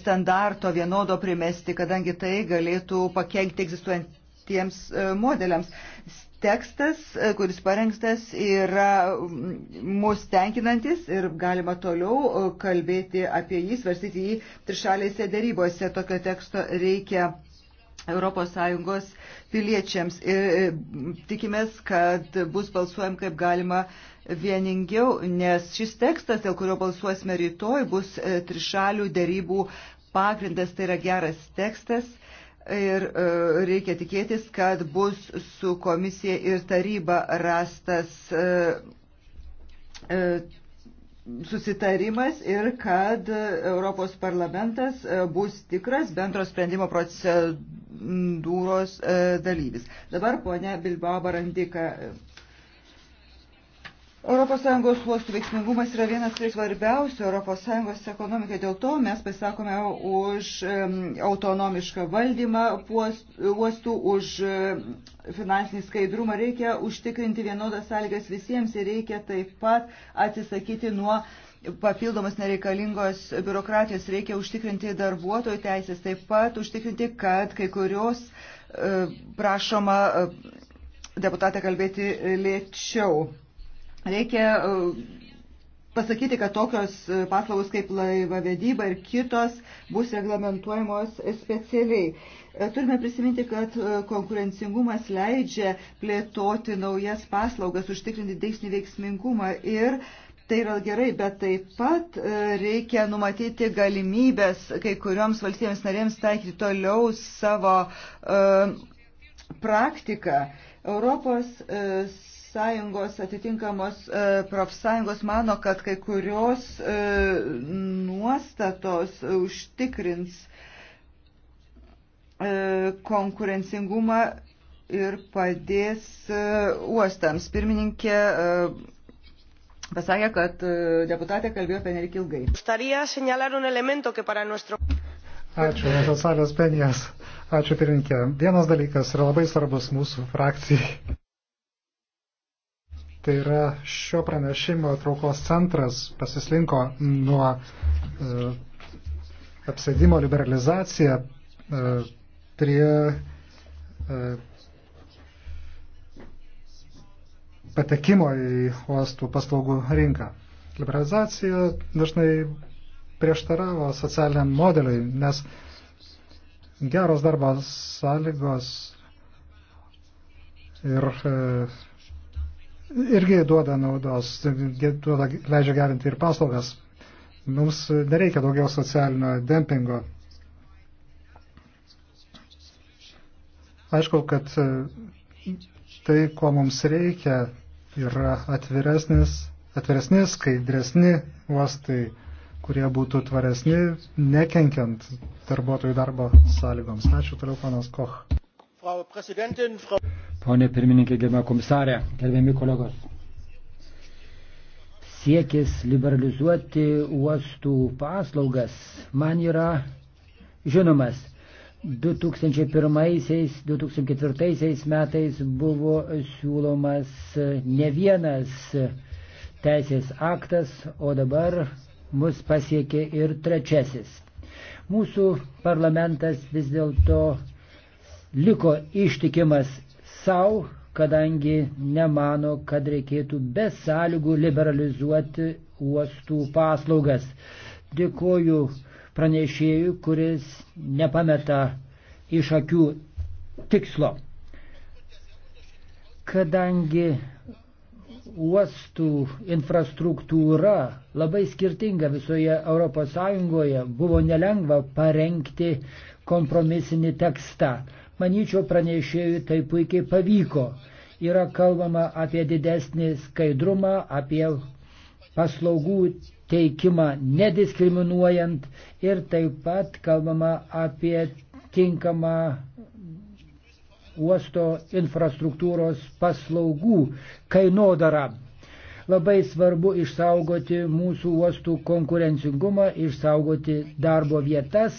standarto vienodo primesti, kadangi tai galėtų pakengti egzistuojantiems e, modeliams. Tekstas, e, kuris parengtas, yra mūsų mm, tenkinantis ir galima toliau e, kalbėti apie jį, svarstyti jį trišalėse darybose. Tokio teksto reikia ES piliečiams ir e, tikimės, kad bus balsuojam kaip galima vieningiau, nes šis tekstas, dėl kurio balsuosime rytoj, bus e, trišalių dėrybų pagrindas, tai yra geras tekstas ir e, reikia tikėtis, kad bus su komisija ir taryba rastas susitarimas ir kad Europos parlamentas e, bus tikras bendro sprendimo procedūros e, dalyvis. Dabar ponia Bilbao Barandika e, ES uostų veiksmingumas yra vienas iš svarbiausių ES ekonomikai. Dėl to mes pasakome už autonomišką valdymą uostų, už finansinį skaidrumą. Reikia užtikrinti vienodas sąlygas visiems ir reikia taip pat atsisakyti nuo papildomos nereikalingos biurokratijos. Reikia užtikrinti darbuotojų teisės, taip pat užtikrinti, kad kai kurios prašoma deputatė kalbėti lėčiau. Reikia e, pasakyti, kad tokios e, paslaugos kaip laiva vedyba ir kitos bus reglamentuojamos specialiai. E, turime prisiminti, kad konkurencingumas leidžia plėtoti naujas paslaugas, užtikrinti didesnį veiksmingumą ir tai yra gerai, bet taip pat reikia numatyti galimybės kai kurioms valstybėms narėms taikyti toliau savo uh, praktiką. Europos uh, profsąjungos, atitinkamos e, profsąjungos mano, kad kai kurios e, nuostatos užtikrins e, konkurencingumą ir padės uostams. Pirmininkė pasakė, kad deputatė kalbėjo penelik ilgai. Ačiū, Natasalios Penijas. Ačiū, pirmininkė. Vienas dalykas yra labai svarbus mūsų frakcijai. Tai yra šio pranešimo traukos centras pasislinko nuo e, apsėdimo liberalizaciją e, prie e, patekimo į uostų paslaugų rinką. Liberalizacija dažnai prieštaravo socialiniam modeliui, nes geros darbo sąlygos ir e, irgi duoda naudos, duoda, leidžia gerinti ir paslaugas. Mums nereikia daugiau socialinio dempingo. Aišku, kad e, tai, ko mums reikia, yra atviresnis, atviresni, skaidresni uostai, kurie būtų tvaresni, nekenkiant darbuotojų darbo sąlygoms. Ačiū toliau, panas Koch. Frau Präsidentin, Frau ponė pirmininkė, gerbė komisarė, gerbiami kolegos. Siekis liberalizuoti uostų paslaugas man yra žinomas. 2001-2004 metais buvo siūlomas ne vienas teisės aktas, o dabar mus pasiekė ir trečiasis. Mūsų parlamentas vis dėlto liko ištikimas savo, kadangi nemano, kad reikėtų be sąlygų liberalizuoti uostų paslaugas. Dėkoju pranešėjui, kuris nepameta iš akių tikslo. Kadangi uostų infrastruktūra labai skirtinga visoje ES, buvo nelengva parengti kompromisinį tekstą. Manyčiau, pranešėjui tai puikiai pavyko. Yra kalbama apie didesnį skaidrumą, apie paslaugų teikimą nediskriminuojant ir taip pat kalbama apie tinkamą uosto infrastruktūros paslaugų kainodarą. Labai svarbu išsaugoti mūsų uostų konkurencingumą, išsaugoti darbo vietas,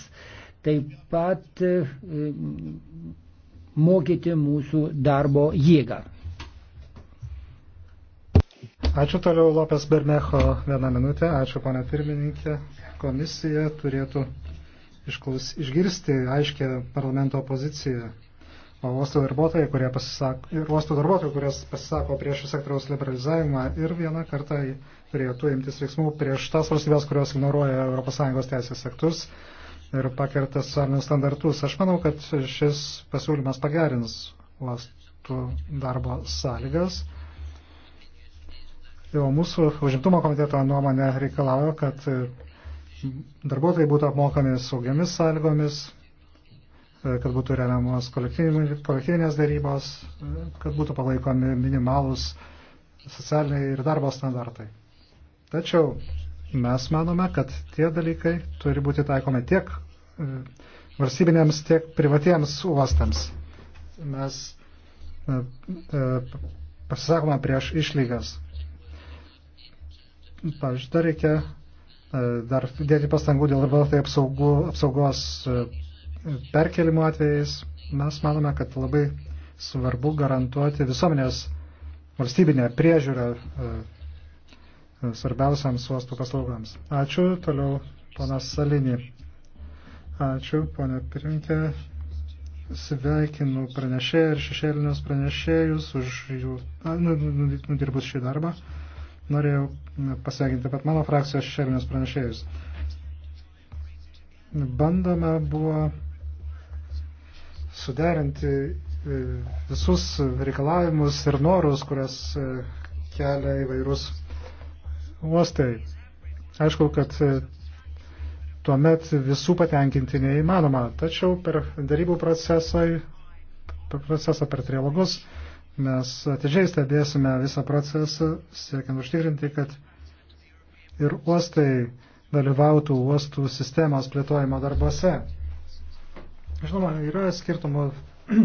taip pat e, mokyti mūsų darbo jėgą. Ačiū toliau Lopes Bermecho vieną minutę. Ačiū, pana pirmininkė. Komisija turėtų išklaus, išgirsti aiškę parlamento poziciją. O uosto darbuotojai, kurie pasisako, ir uosto darbuotojai, kurias pasisako prieš sektoriaus liberalizavimą ir vieną kartą turėtų imtis veiksmų prieš tas valstybės, kurios ignoruoja ES teisės aktus ir pakerta socialinius standartus. Aš manau, kad šis pasiūlymas pagerins lastų darbo sąlygas. O mūsų užimtumo komiteto nuomonė reikalavo, kad darbuotojai būtų apmokami saugiamis sąlygomis, kad būtų remiamos kolektyvinės darybos, kad būtų palaikomi minimalus socialiniai ir darbo standartai. Tačiau Mes manome, kad tie dalykai turi būti taikomi tiek e, valstybinėms, tiek privatiems uostams. Mes e, e, pasisakome prieš išlygas. Pavyzdžiui, dar reikia dar dėti pastangų dėl darbuotojų apsaugų, apsaugos perkelimų atvejais. Mes manome, kad labai svarbu garantuoti visuomenės valstybinę priežiūrą svarbiausiams uostų paslaugams. Ačiū. Toliau ponas Salinį. Ačiū, ponė pirminkė. Sveikinu pranešėjai ir šešėlinius pranešėjus už jų nu, nu, nu, nudirbus šį darbą. Norėjau pasveikinti pat mano frakcijos šešėlinius pranešėjus. Bandome buvo suderinti e, visus reikalavimus ir norus, kurias e, kelia įvairūs uostai. Aišku, kad e, tuomet visų patenkinti neįmanoma, tačiau per darybų procesą, per procesą per trilogus mes atidžiai stebėsime visą procesą, siekiant užtikrinti, kad ir uostai dalyvautų uostų sistemos plėtojimo darbose. Žinoma, yra skirtumų <clears throat>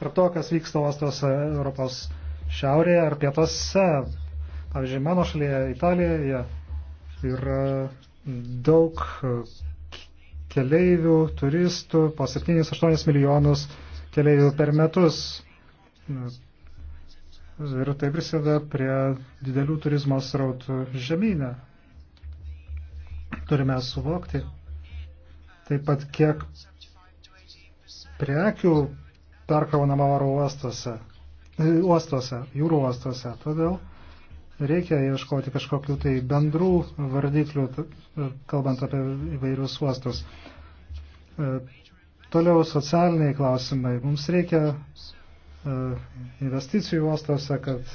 tarp to, kas vyksta uostose Europos šiaurėje ar pietose, Pavyzdžiui, mano šalyje, Italijoje, yra daug e, keleivių, turistų, po 7-8 milijonus keleivių per metus. E, ir tai prisideda prie didelių turizmo srautų žemynę. Turime suvokti taip pat, kiek prekių perkraunama oro uostuose, e, uostuose, jūrų uostuose. Todėl Reikia ieškoti kažkokių tai bendrų vardiklių, e, kalbant apie įvairius uostus. E, toliau socialiniai klausimai. Mums reikia e, investicijų uostose, kad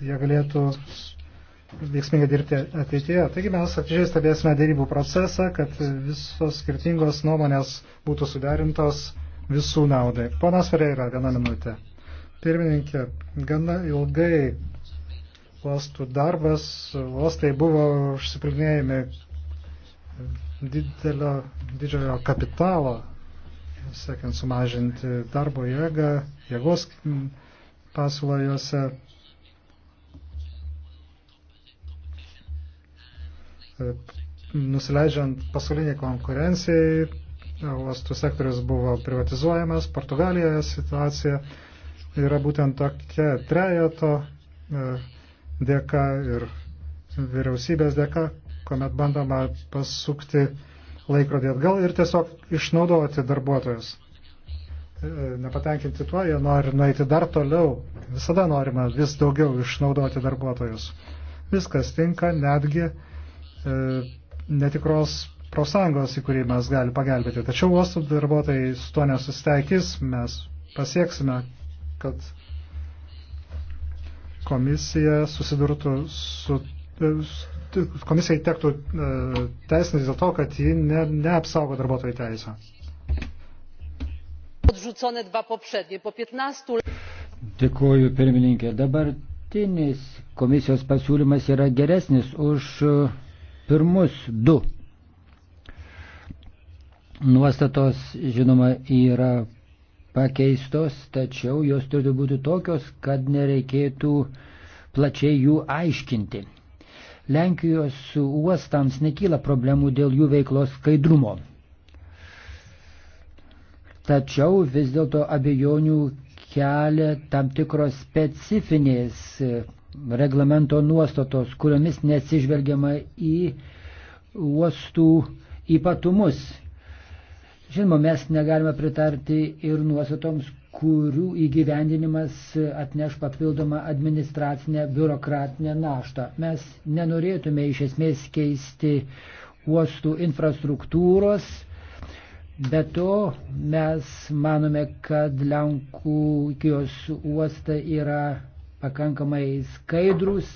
jie galėtų veiksmingai dirbti ateityje. Taigi mes atidžiai stebėsime dėrybų procesą, kad visos skirtingos nuomonės būtų suderintos visų naudai. Ponas Ferreira, viena minutė. Pirmininkė, gana ilgai uostų darbas, uostai buvo užsipilnėjami didelio, didžiojo kapitalo, siekiant sumažinti darbo jėgą, jėgos pasiūlą juose. Nusileidžiant pasauliniai konkurencijai, uostų sektorius buvo privatizuojamas, Portugalijoje situacija yra būtent tokia trejato. E, dėka ir vyriausybės dėka, kuomet bandoma pasukti laikrodį atgal ir tiesiog išnaudoti darbuotojus. E, nepatenkinti tuo, jie nori nueiti dar toliau. Visada norima vis daugiau išnaudoti darbuotojus. Viskas tinka, netgi e, netikros profsąjungos, į kurį mes gali pagelbėti. Tačiau uostų darbuotojai su to nesusteikys, mes pasieksime, kad komisija susidurtų su. E, komisijai tektų e, teisinės dėl to, kad ji ne, neapsaugo darbuotojų teisę. Dėkuoju, pirmininkė. Dabartinis komisijos pasiūlymas yra geresnis už e, pirmus du. Nuostatos, žinoma, yra pakeistos, tačiau jos turi būti tokios, kad nereikėtų plačiai jų aiškinti. Lenkijos uostams nekyla problemų dėl jų veiklos skaidrumo. Tačiau vis dėlto abejonių kelia tam tikros specifinės e, reglamento nuostatos, kuriomis nesižvelgiama į uostų ypatumus Žinoma, mes negalime pritarti ir nuostatoms, kurių įgyvendinimas atneš papildomą administracinę, biurokratinę naštą. Mes nenorėtume iš esmės keisti uostų infrastruktūros, bet to mes manome, kad Lenkijos uostai yra pakankamai skaidrus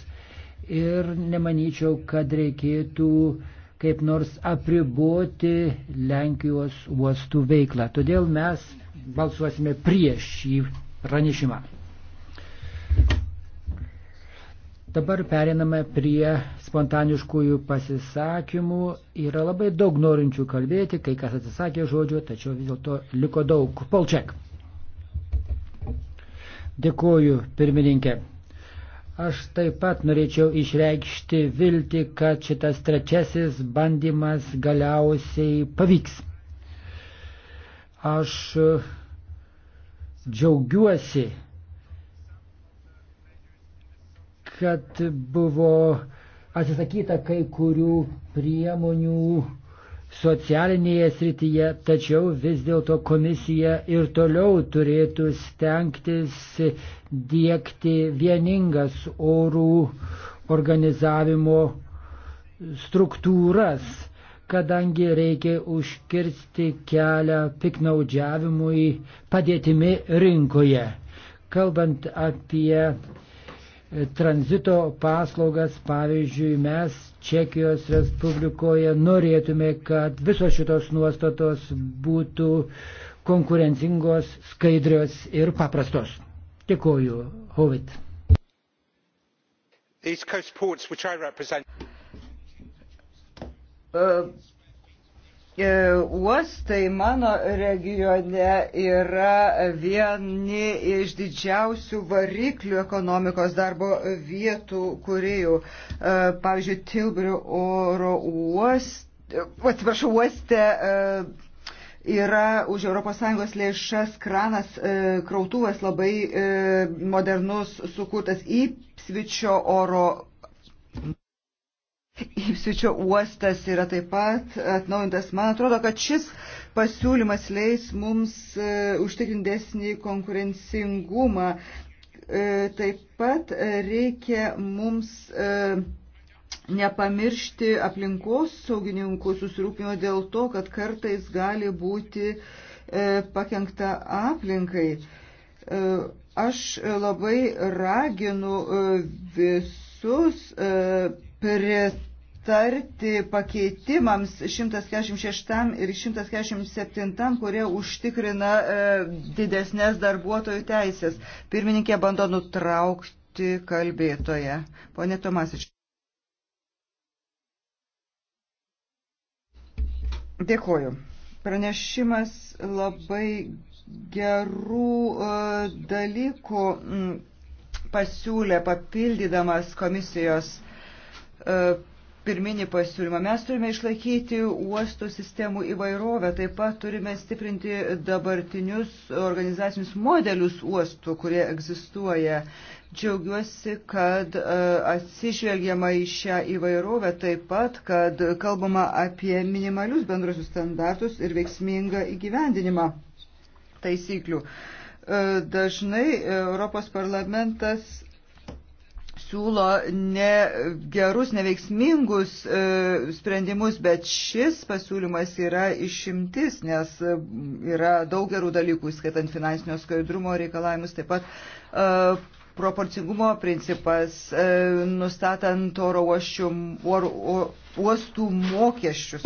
ir nemanyčiau, kad reikėtų uh, kaip nors apriboti Lenkijos uostų veiklą. Todėl mes balsuosime prieš šį pranešimą. Dabar periname prie spontaniškųjų pasisakymų. Yra labai daug norinčių kalbėti, kai kas atsisakė žodžio, tačiau vis dėlto liko daug. Polčiak. Dėkuoju, pirmininkė. Aš taip pat norėčiau išreikšti viltį, kad šitas trečiasis bandymas galiausiai pavyks. Aš e, džiaugiuosi, kad buvo atsisakyta kai kurių priemonių socialinėje srityje, tačiau vis dėlto komisija ir toliau turėtų stengtis dėkti vieningas orų organizavimo struktūras, kadangi reikia užkirsti kelią piknaudžiavimui padėtimi rinkoje. Kalbant apie tranzito paslaugas, pavyzdžiui, mes Čekijos Respublikoje norėtume, kad visos šitos nuostatos būtų konkurencingos, skaidrios ir paprastos. Dėkoju, Hovit. Uh E, uostai mano regione yra vieni iš didžiausių variklių ekonomikos darbo vietų kuriejų. E, pavyzdžiui, Tilbrio oro uoste, atsiprašau, uoste e, yra už ES lėšas kranas krautuvas labai modernus sukurtas į Svičio oro Ipsvičio uostas yra taip pat atnaujintas. Man atrodo, kad šis pasiūlymas leis mums e, užtikrindesnį konkurencingumą. E, taip pat reikia mums e, nepamiršti aplinkos saugininkų susirūpinimo dėl to, kad kartais gali būti pakengta aplinkai. Aš labai raginu visus pritarti pakeitimams 146 ir 147, kurie užtikrina e, didesnės darbuotojų teisės. Pirmininkė bando nutraukti kalbėtoje. Pone Tomasič. Dėkoju. Pranešimas labai gerų e, dalykų pasiūlė papildydamas komisijos E, pirminį pasiūlymą. Mes turime išlaikyti uostų sistemų įvairovę, taip pat turime stiprinti dabartinius organizacinius modelius uostų, kurie egzistuoja. Džiaugiuosi, kad e, atsižvelgiama į šią įvairovę, taip pat, kad kalbama apie minimalius bendrusius standartus ir veiksmingą įgyvendinimą taisyklių. E, dažnai Europos parlamentas siūlo ne gerus, neveiksmingus e, sprendimus, bet šis pasiūlymas yra išimtis, nes e, yra daug gerų dalykų, skaitant finansinio skaidrumo reikalavimus, taip pat e, proporcingumo principas, nustatant oro uoščių, or, or, uostų mokesčius.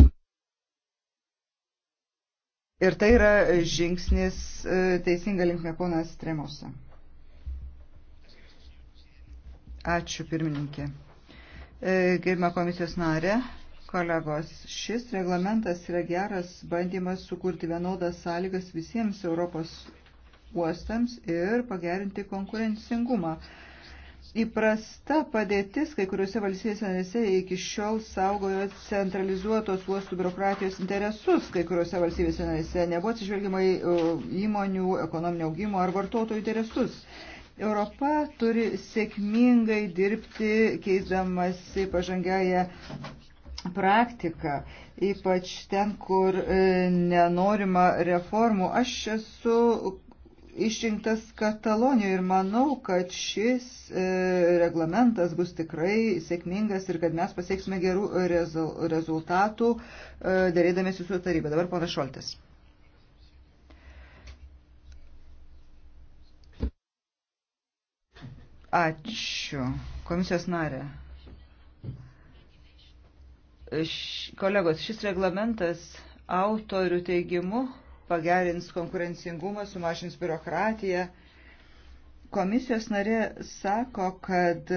Ir tai yra žingsnis teisinga linkme ponas Tremosa. Ačiū pirmininkė. E, Gerbima komisijos narė, kolegos, šis reglamentas yra geras bandymas sukurti vienodas sąlygas visiems Europos uostams ir pagerinti konkurencingumą. Įprasta padėtis kai kuriuose valstybėse nese iki šiol saugojo centralizuotos uostų biurokratijos interesus, kai kuriuose valstybėse nese nebuvo atsižvelgiama į e, įmonių, ekonominio augimo ar vartotojų interesus. Europa turi sėkmingai dirbti, keisdamasi pažangiają praktiką, ypač ten, kur e, nenorima reformų. Aš esu išrinktas Katalonijoje ir manau, kad šis e, reglamentas bus tikrai sėkmingas ir kad mes pasieksime gerų rezultatų e, dėrėdamėsi su taryba. Dabar pana Šoltis. Ačiū. Komisijos narė. Š, kolegos, šis reglamentas autorių teigimu pagerins konkurencingumą, sumažins biurokratiją. Komisijos narė sako, kad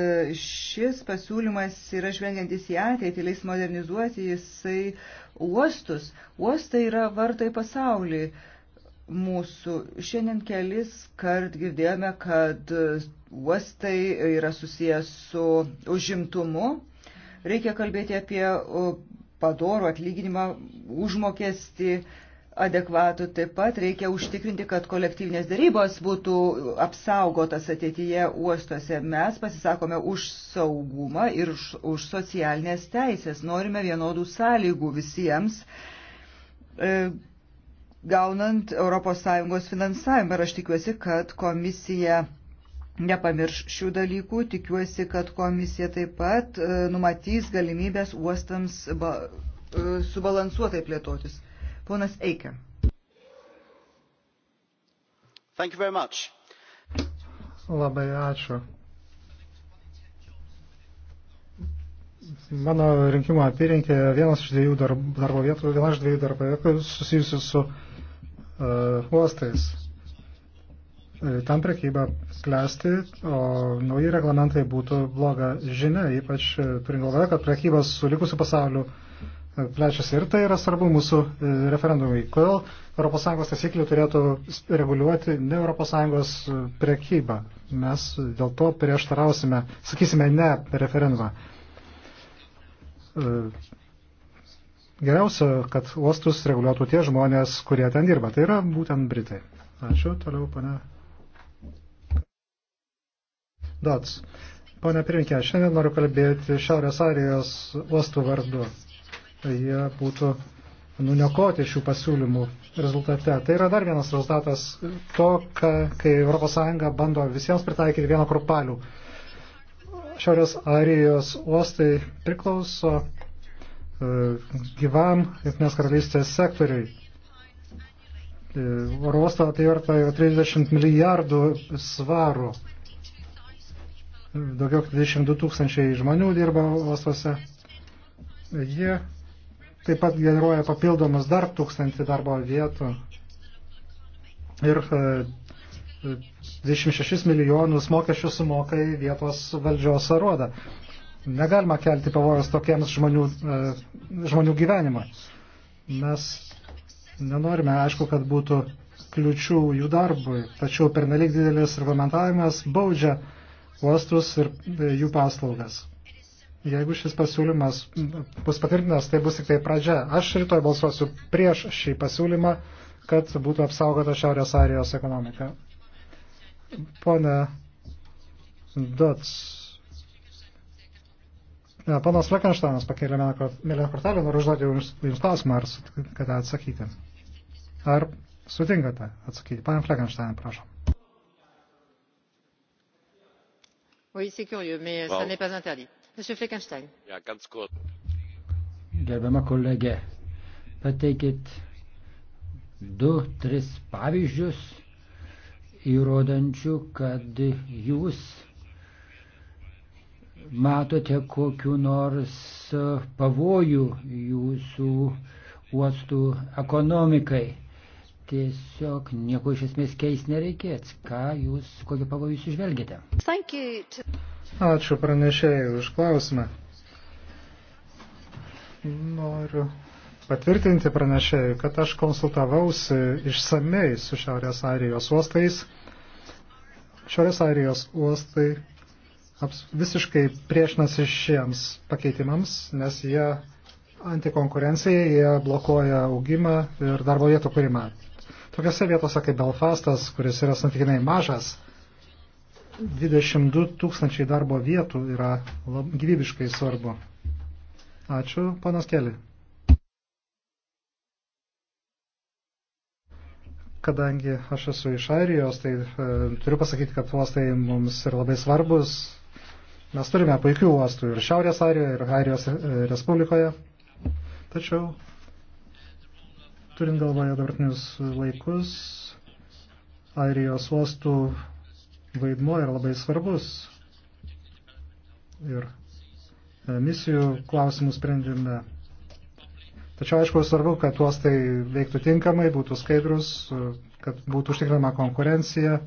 šis pasiūlymas yra žvengiantis į ateitį, leis modernizuoti jisai uostus. Uostai yra vartai pasauliui mūsų. Šiandien kelis kart girdėjome, kad uostai yra susijęs su užimtumu. Reikia kalbėti apie padorų atlyginimą, užmokestį adekvatų. Taip pat reikia užtikrinti, kad kolektyvinės darybos būtų apsaugotas ateityje uostuose. Mes pasisakome už saugumą ir už, už socialinės teisės. Norime vienodų sąlygų visiems. E, gaunant ES finansavimą. Ir aš tikiuosi, kad komisija nepamirš šių dalykų. Tikiuosi, kad komisija taip pat e, numatys galimybės uostams e, subalansuotai plėtotis. Ponas Eike. Labai ačiū. Mano rinkimo apyrinkė vienas iš dviejų darbo vietų, vienas iš dviejų darbo vietų susijusi su uh, E, uostais. E, tam prekyba klesti, o nauji reglamentai būtų bloga žinia, ypač e, turint galvoje, kad prekybas su likusiu pasauliu plečiasi ir tai yra svarbu mūsų referendumui. Kodėl ES taisyklių turėtų reguliuoti ne ES prekybą? Mes dėl to prieštarausime, sakysime ne referendumą. Geriausia, kad uostus reguliuotų tie žmonės, kurie ten dirba. Tai yra būtent Britai. Ačiū. Toliau, pane. Dots. Pane Pirinkė, šiandien noriu kalbėti Šiaurės Airijos uostų vardu. Jie būtų nuniokoti šių pasiūlymų rezultate. Tai yra dar vienas rezultatas to, ka, kai ES bando visiems pritaikyti vieną kurpalių. Šiaurės Airijos uostai priklauso E, gyvam Junktinės karalystės sektoriui. E, oro uosto apyvarta yra 30 milijardų svarų. Daugiau kaip 22 tūkstančiai žmonių dirba uostuose. Jie taip pat generuoja papildomus dar tūkstantį darbo vietų ir 26 e, milijonus mokesčių sumoka į vietos valdžios aruodą. Negalima kelti pavojus tokiems žmonių, e, žmonių gyvenimui. Mes nenorime, aišku, kad būtų kliučių jų darbui, tačiau pernelyg didelis reglamentavimas baudžia uostus ir e, jų paslaugas. Jeigu šis pasiūlymas bus patvirtintas, tai bus tik tai pradžia. Aš rytoj balsuosiu prieš šį pasiūlymą, kad būtų apsaugota Šiaurės Airijos ekonomika. Pone Dots, Panas Fleckensteinas pakėlė mėlyną kortelę, noriu užduoti jums, jums klausimą, ar sutinkate atsakyti. Ar sutinkate atsakyti? Pane Fleckenstein, prašom. Oui, c'est curieux, mais euh, wow. ça n'est pas interdit. Monsieur Fleckenstein. Ja, ganz kurz. Gerbiama kolegė, pateikit du, tris pavyzdžius įrodančių, kad jūs matote kokiu nors pavojų jūsų uostų ekonomikai? Tiesiog nieko iš esmės keis nereikės. Ką jūs, kokį pavojų jūs išvelgėte? Ačiū pranešėjai už klausimą. Noriu patvirtinti pranešėjai, kad aš konsultavausi išsamei su Šiaurės Airijos uostais. Šiaurės Airijos uostai aps, visiškai priešinasi šiems pakeitimams, nes jie antikonkurencijai, jie blokuoja augimą ir darbo vietų kūrimą. Tokiose vietose kaip Belfastas, kuris yra santykinai mažas, 22 tūkstančiai darbo vietų yra lab, gyvybiškai svarbu. Ačiū, panas Keli. Kadangi aš esu iš Airijos, tai e, turiu pasakyti, kad uostai mums yra labai svarbus, Mes turime puikių uostų ir Šiaurės Airijoje, ir Airijos e, Respublikoje. Tačiau, turint galvoje dabartinius laikus, Airijos uostų vaidmo yra labai svarbus. Ir e, misijų klausimų sprendime. Tačiau, aišku, svarbu, kad uostai veiktų tinkamai, būtų skaidrus, e, kad būtų užtikrinama konkurencija.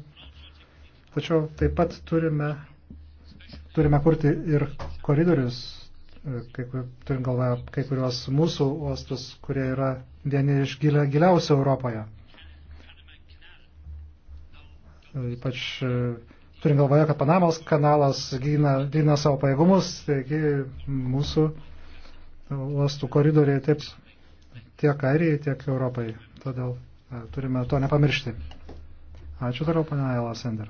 Tačiau taip pat turime turime kurti ir koridorius, e, kai, turint galvoje kai kuriuos mūsų uostus, kurie yra vieni iš gilia, giliausių Europoje. Ypač e, turint galvoje, kad Panamos kanalas gina, gina savo pajėgumus, taigi mūsų uostų koridoriai taip tiek Airijai, tiek Europai. Todėl e, turime to nepamiršti. Ačiū toliau, pana Aila Sender.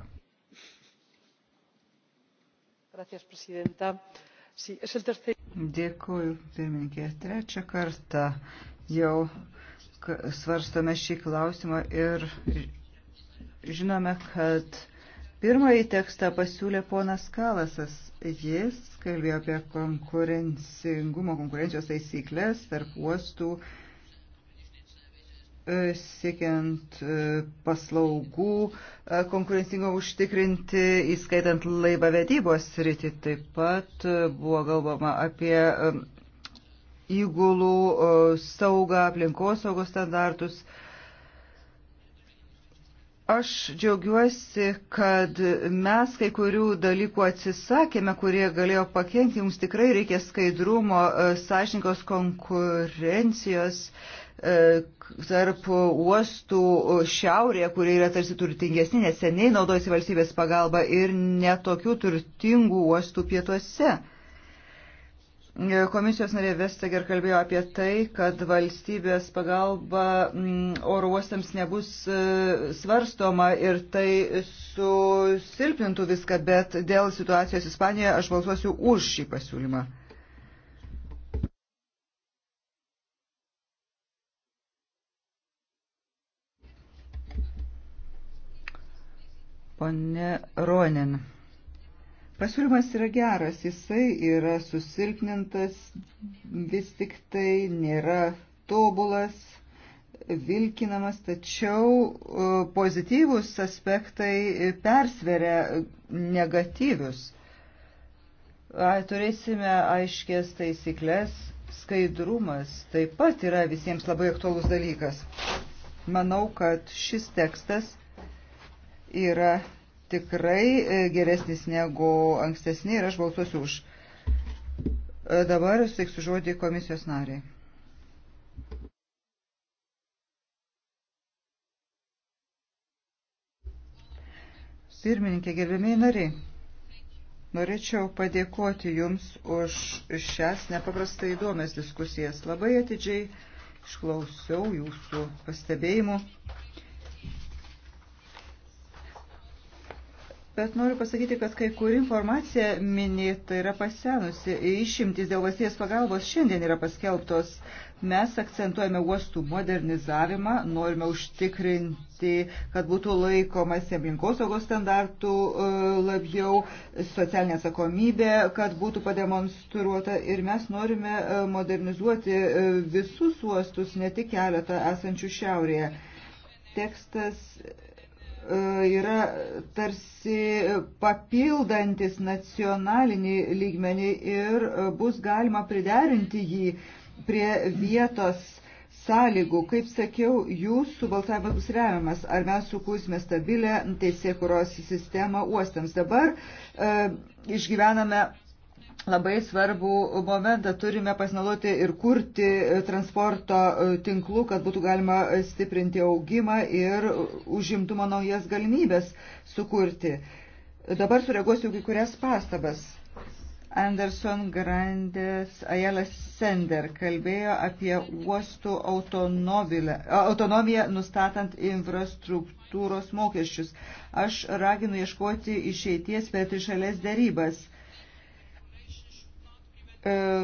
Gracias, presidenta. Sí, es el tercer. Dėkuoju, pirmininkė. Trečią kartą jau svarstome šį klausimą ir žinome, kad pirmąjį tekstą pasiūlė ponas Kalasas. Jis kalbėjo apie konkurencingumo, konkurencijos taisyklės tarp uostų E, siekiant e, paslaugų e, konkurencingo užtikrinti, įskaitant laivą vedybos rytį. Taip pat buvo galvama apie įgulų saugą, aplinkosaugos standartus. Aš džiaugiuosi, kad mes kai kurių dalykų atsisakėme, kurie galėjo pakengti. Mums tikrai reikia skaidrumo, sąžininkos konkurencijos. Uh, E, tarp uostų šiaurėje, kurie yra tarsi turtingesni, nes seniai naudojasi valstybės pagalba ir netokių turtingų uostų pietuose. E, komisijos narė Vestager kalbėjo apie tai, kad valstybės pagalba oro uostams nebus e, svarstoma ir tai susilpintų viską, bet dėl situacijos Ispanijoje aš balsuosiu už šį pasiūlymą. Pone Ronin. Pasiūlymas yra geras, jisai yra susilpnintas, vis tik tai nėra tobulas, vilkinamas, tačiau e, pozityvus aspektai persveria negatyvius. Turėsime aiškės taisyklės, skaidrumas taip pat yra visiems labai aktuolus dalykas. Manau, kad šis tekstas yra tikrai e, geresnis negu ankstesni ir aš balsuosiu už. E, dabar suteiksiu žodį komisijos nariai. Pirmininkė, gerbėmiai nariai, norėčiau padėkoti Jums už šias nepaprastai įdomias diskusijas. Labai atidžiai išklausiau Jūsų pastebėjimų. Bet noriu pasakyti, kad kai kuri informacija minėta yra pasenusi. Išimtis dėl valstybės pagalbos šiandien yra paskelbtos. Mes akcentuojame uostų modernizavimą, norime užtikrinti, kad būtų laikomas aplinkosaugos standartų e, labiau, socialinė atsakomybė, kad būtų pademonstruota ir mes norime e, modernizuoti e, visus uostus, ne tik keletą esančių šiaurėje. Tekstas E, yra tarsi papildantis nacionalinį lygmenį ir e, bus galima priderinti jį prie vietos sąlygų. Kaip sakiau, jūsų balsavimas bus remiamas, ar mes sukūsime stabilę teisėkuros sistemą uostams. Dabar e, išgyvename labai svarbų momentą turime pasinaudoti ir kurti transporto e, tinklų, kad būtų galima stiprinti augimą ir užimtumo naujas galimybės sukurti. Dabar sureaguosiu kai kurias pastabas. Anderson Grandes Ajelas Sender kalbėjo apie uostų autonomiją nustatant infrastruktūros mokesčius. Aš raginu ieškoti išeities per trišalės darybas E,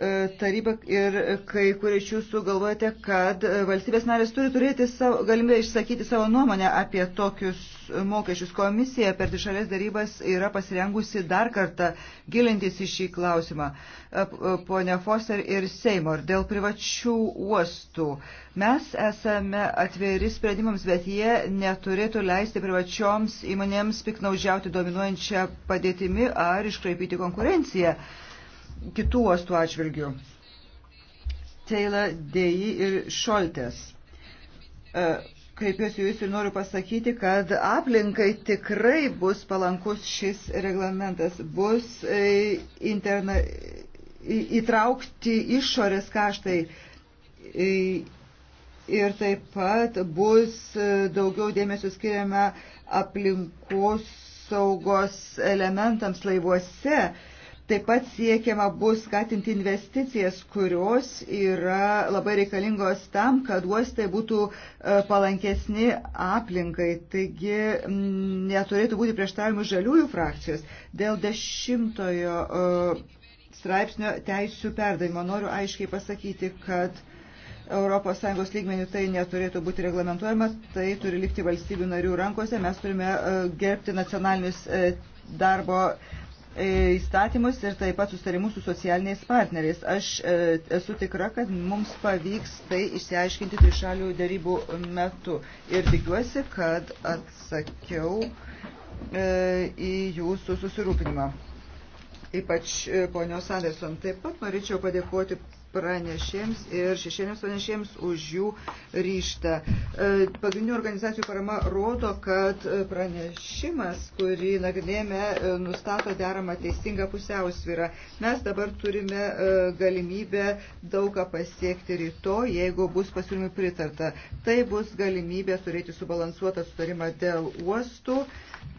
e, taryba ir kai kurie iš jūsų galvojate, kad valstybės narės turi turėti savo, galimybę išsakyti savo nuomonę apie tokius mokesčius. Komisija per dišalės darybas yra pasirengusi dar kartą gilintis į šį klausimą. E, Pone Foster ir Seimor, dėl privačių uostų. Mes esame atviri sprendimams, bet jie neturėtų leisti privačioms įmonėms piknaudžiauti dominuojančią padėtimi ar iškraipyti konkurenciją kitų uostų atžvilgių. Teila Dėji ir Šoltės. E, kreipiuosi jūs ir noriu pasakyti, kad aplinkai tikrai bus palankus šis reglamentas. Bus e, interna, įtraukti išorės kaštai e, ir taip pat bus daugiau dėmesio skiriama aplinkos saugos elementams laivuose. Taip pat siekiama bus skatinti investicijas, kurios yra labai reikalingos tam, kad uostai būtų e, palankesni aplinkai. Taigi neturėtų būti prieštaravimų žaliųjų frakcijos. Dėl dešimtojo e, straipsnio teisų perdavimo noriu aiškiai pasakyti, kad ES lygmenių tai neturėtų būti reglamentuojama, tai turi likti valstybių narių rankose. Mes turime e, gerbti nacionalinius darbo E, įstatymus ir taip pat sustarimus su socialiniais partneriais. Aš e, esu tikra, kad mums pavyks tai išsiaiškinti trišalių darybų metu ir tikiuosi, kad atsakiau e, į jūsų susirūpinimą. Ypač ponios Anderson. Taip pat norėčiau padėkoti pranešėms ir šešėlėms pranešėms už jų ryštą. E, pagrindinių organizacijų parama rodo, kad pranešimas, kurį nagrinėjame, e, nustato deramą teisingą pusiausvyrą. Mes dabar turime e, galimybę daugą pasiekti rytoj, jeigu bus pasiūlymai pritarta. Tai bus galimybė turėti subalansuotą sutarimą dėl uostų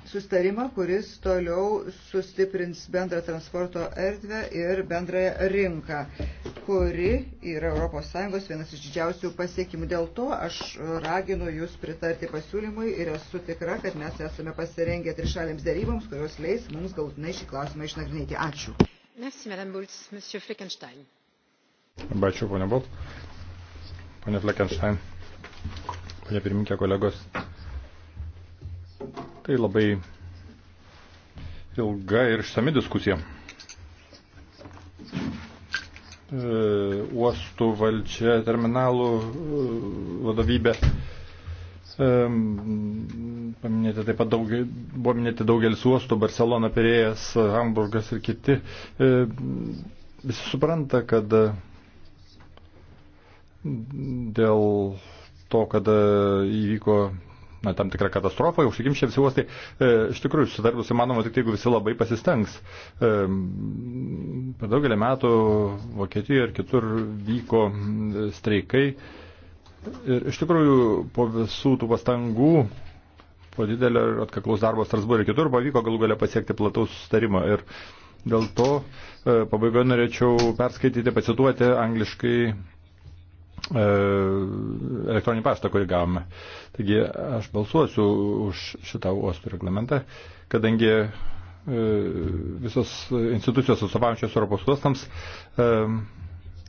sustarimą, kuris toliau sustiprins bendrą transporto erdvę ir bendrąją rinką, kuri yra ES vienas iš didžiausių pasiekimų. Dėl to aš raginu Jūs pritarti pasiūlymui ir esu tikra, kad mes esame pasirengę trišalėms daryboms, kurios leis mums galutinai šį klausimą išnagrinėti. Ačiū. Merci, Madame Bulc, Monsieur Fleckenstein. Ačiū, ponia Bolt. Ponia Fleckenstein. Ponia pirminkė, kolegos. Tai labai ilga ir išsami diskusija. E, uostų valdžia, terminalų e, vadovybė. E, paminėti taip pat daug, buvo minėti daugelis uostų, Barcelona, Pirėjas, Hamburgas ir kiti. Visi supranta, kad dėl to, kada įvyko na, tam tikrą katastrofą, užsikimšė visi uostai. E, iš tikrųjų, susidarbus įmanoma tik tai, jeigu visi labai pasistengs. E, per daugelį metų Vokietijoje ir kitur vyko streikai. Ir iš tikrųjų, po visų tų pastangų po didelio ir atkaklaus darbo Strasbūrė kitur pavyko galų galę pasiekti plataus sustarimą. Ir dėl to e, pabaigoje norėčiau perskaityti, pacituoti angliškai E, elektroninį paštą, kurį gavome. Taigi aš balsuosiu už šitą uostų reglamentą, kadangi e, visos institucijos atstovaujančios Europos uostams e,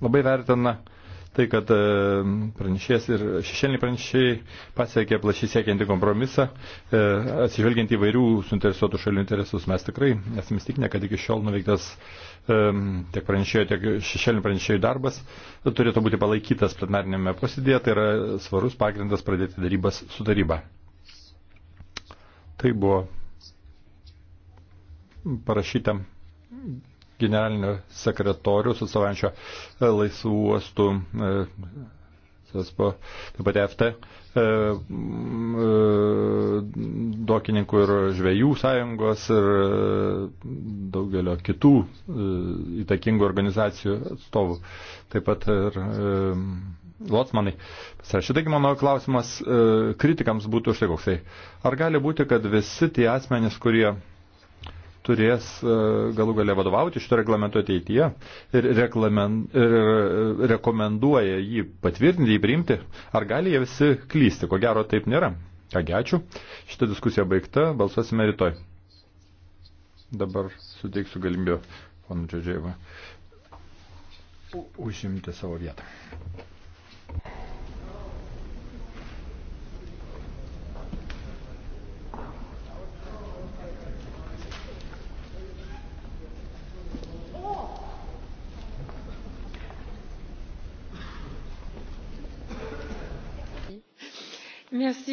labai vertina tai, kad e, pranešėjas ir šešėliniai pranešėjai pasiekė plašiai siekiantį kompromisą, e, atsižvelgiant į vairių suinteresuotų šalių interesus. Mes tikrai esame įstikinę, kad iki šiol nuveiktas e, tiek pranešėjo, tiek šešėlinių pranešėjų darbas turėtų būti palaikytas plenarinėme posėdėje. Tai yra svarus pagrindas pradėti darybas su taryba. Tai buvo parašyta generalinio sekretoriaus atstovaujančio e, laisvų uostų, e, taip pat e FT, dokininkų ir žvejų sąjungos ir daugelio kitų įtakingų organizacijų atstovų. Taip pat ir Lotsmanai. Šitaip mano klausimas kritikams būtų štai koksai. Ar gali būti, kad visi tie asmenys, kurie turės e, galų galę vadovauti šito reglamento ateityje ir, reklamen, ir e, rekomenduoja jį patvirtinti, jį priimti, ar gali jie visi klysti? Ko gero taip nėra. Kągi, ačiū. Šitą diskusiją baigta, balsuosime rytoj. Dabar suteiksiu galimybę ponu Čiažiavą užimti savo vietą.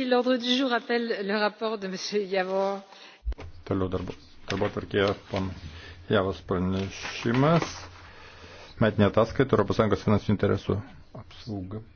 l'ordre du jour appelle le rapport de m. Javor. Toliau darbo, darbo tvarkėje pon Javas pranešimas. Metinė ataskaita ES finansinių interesų apsauga.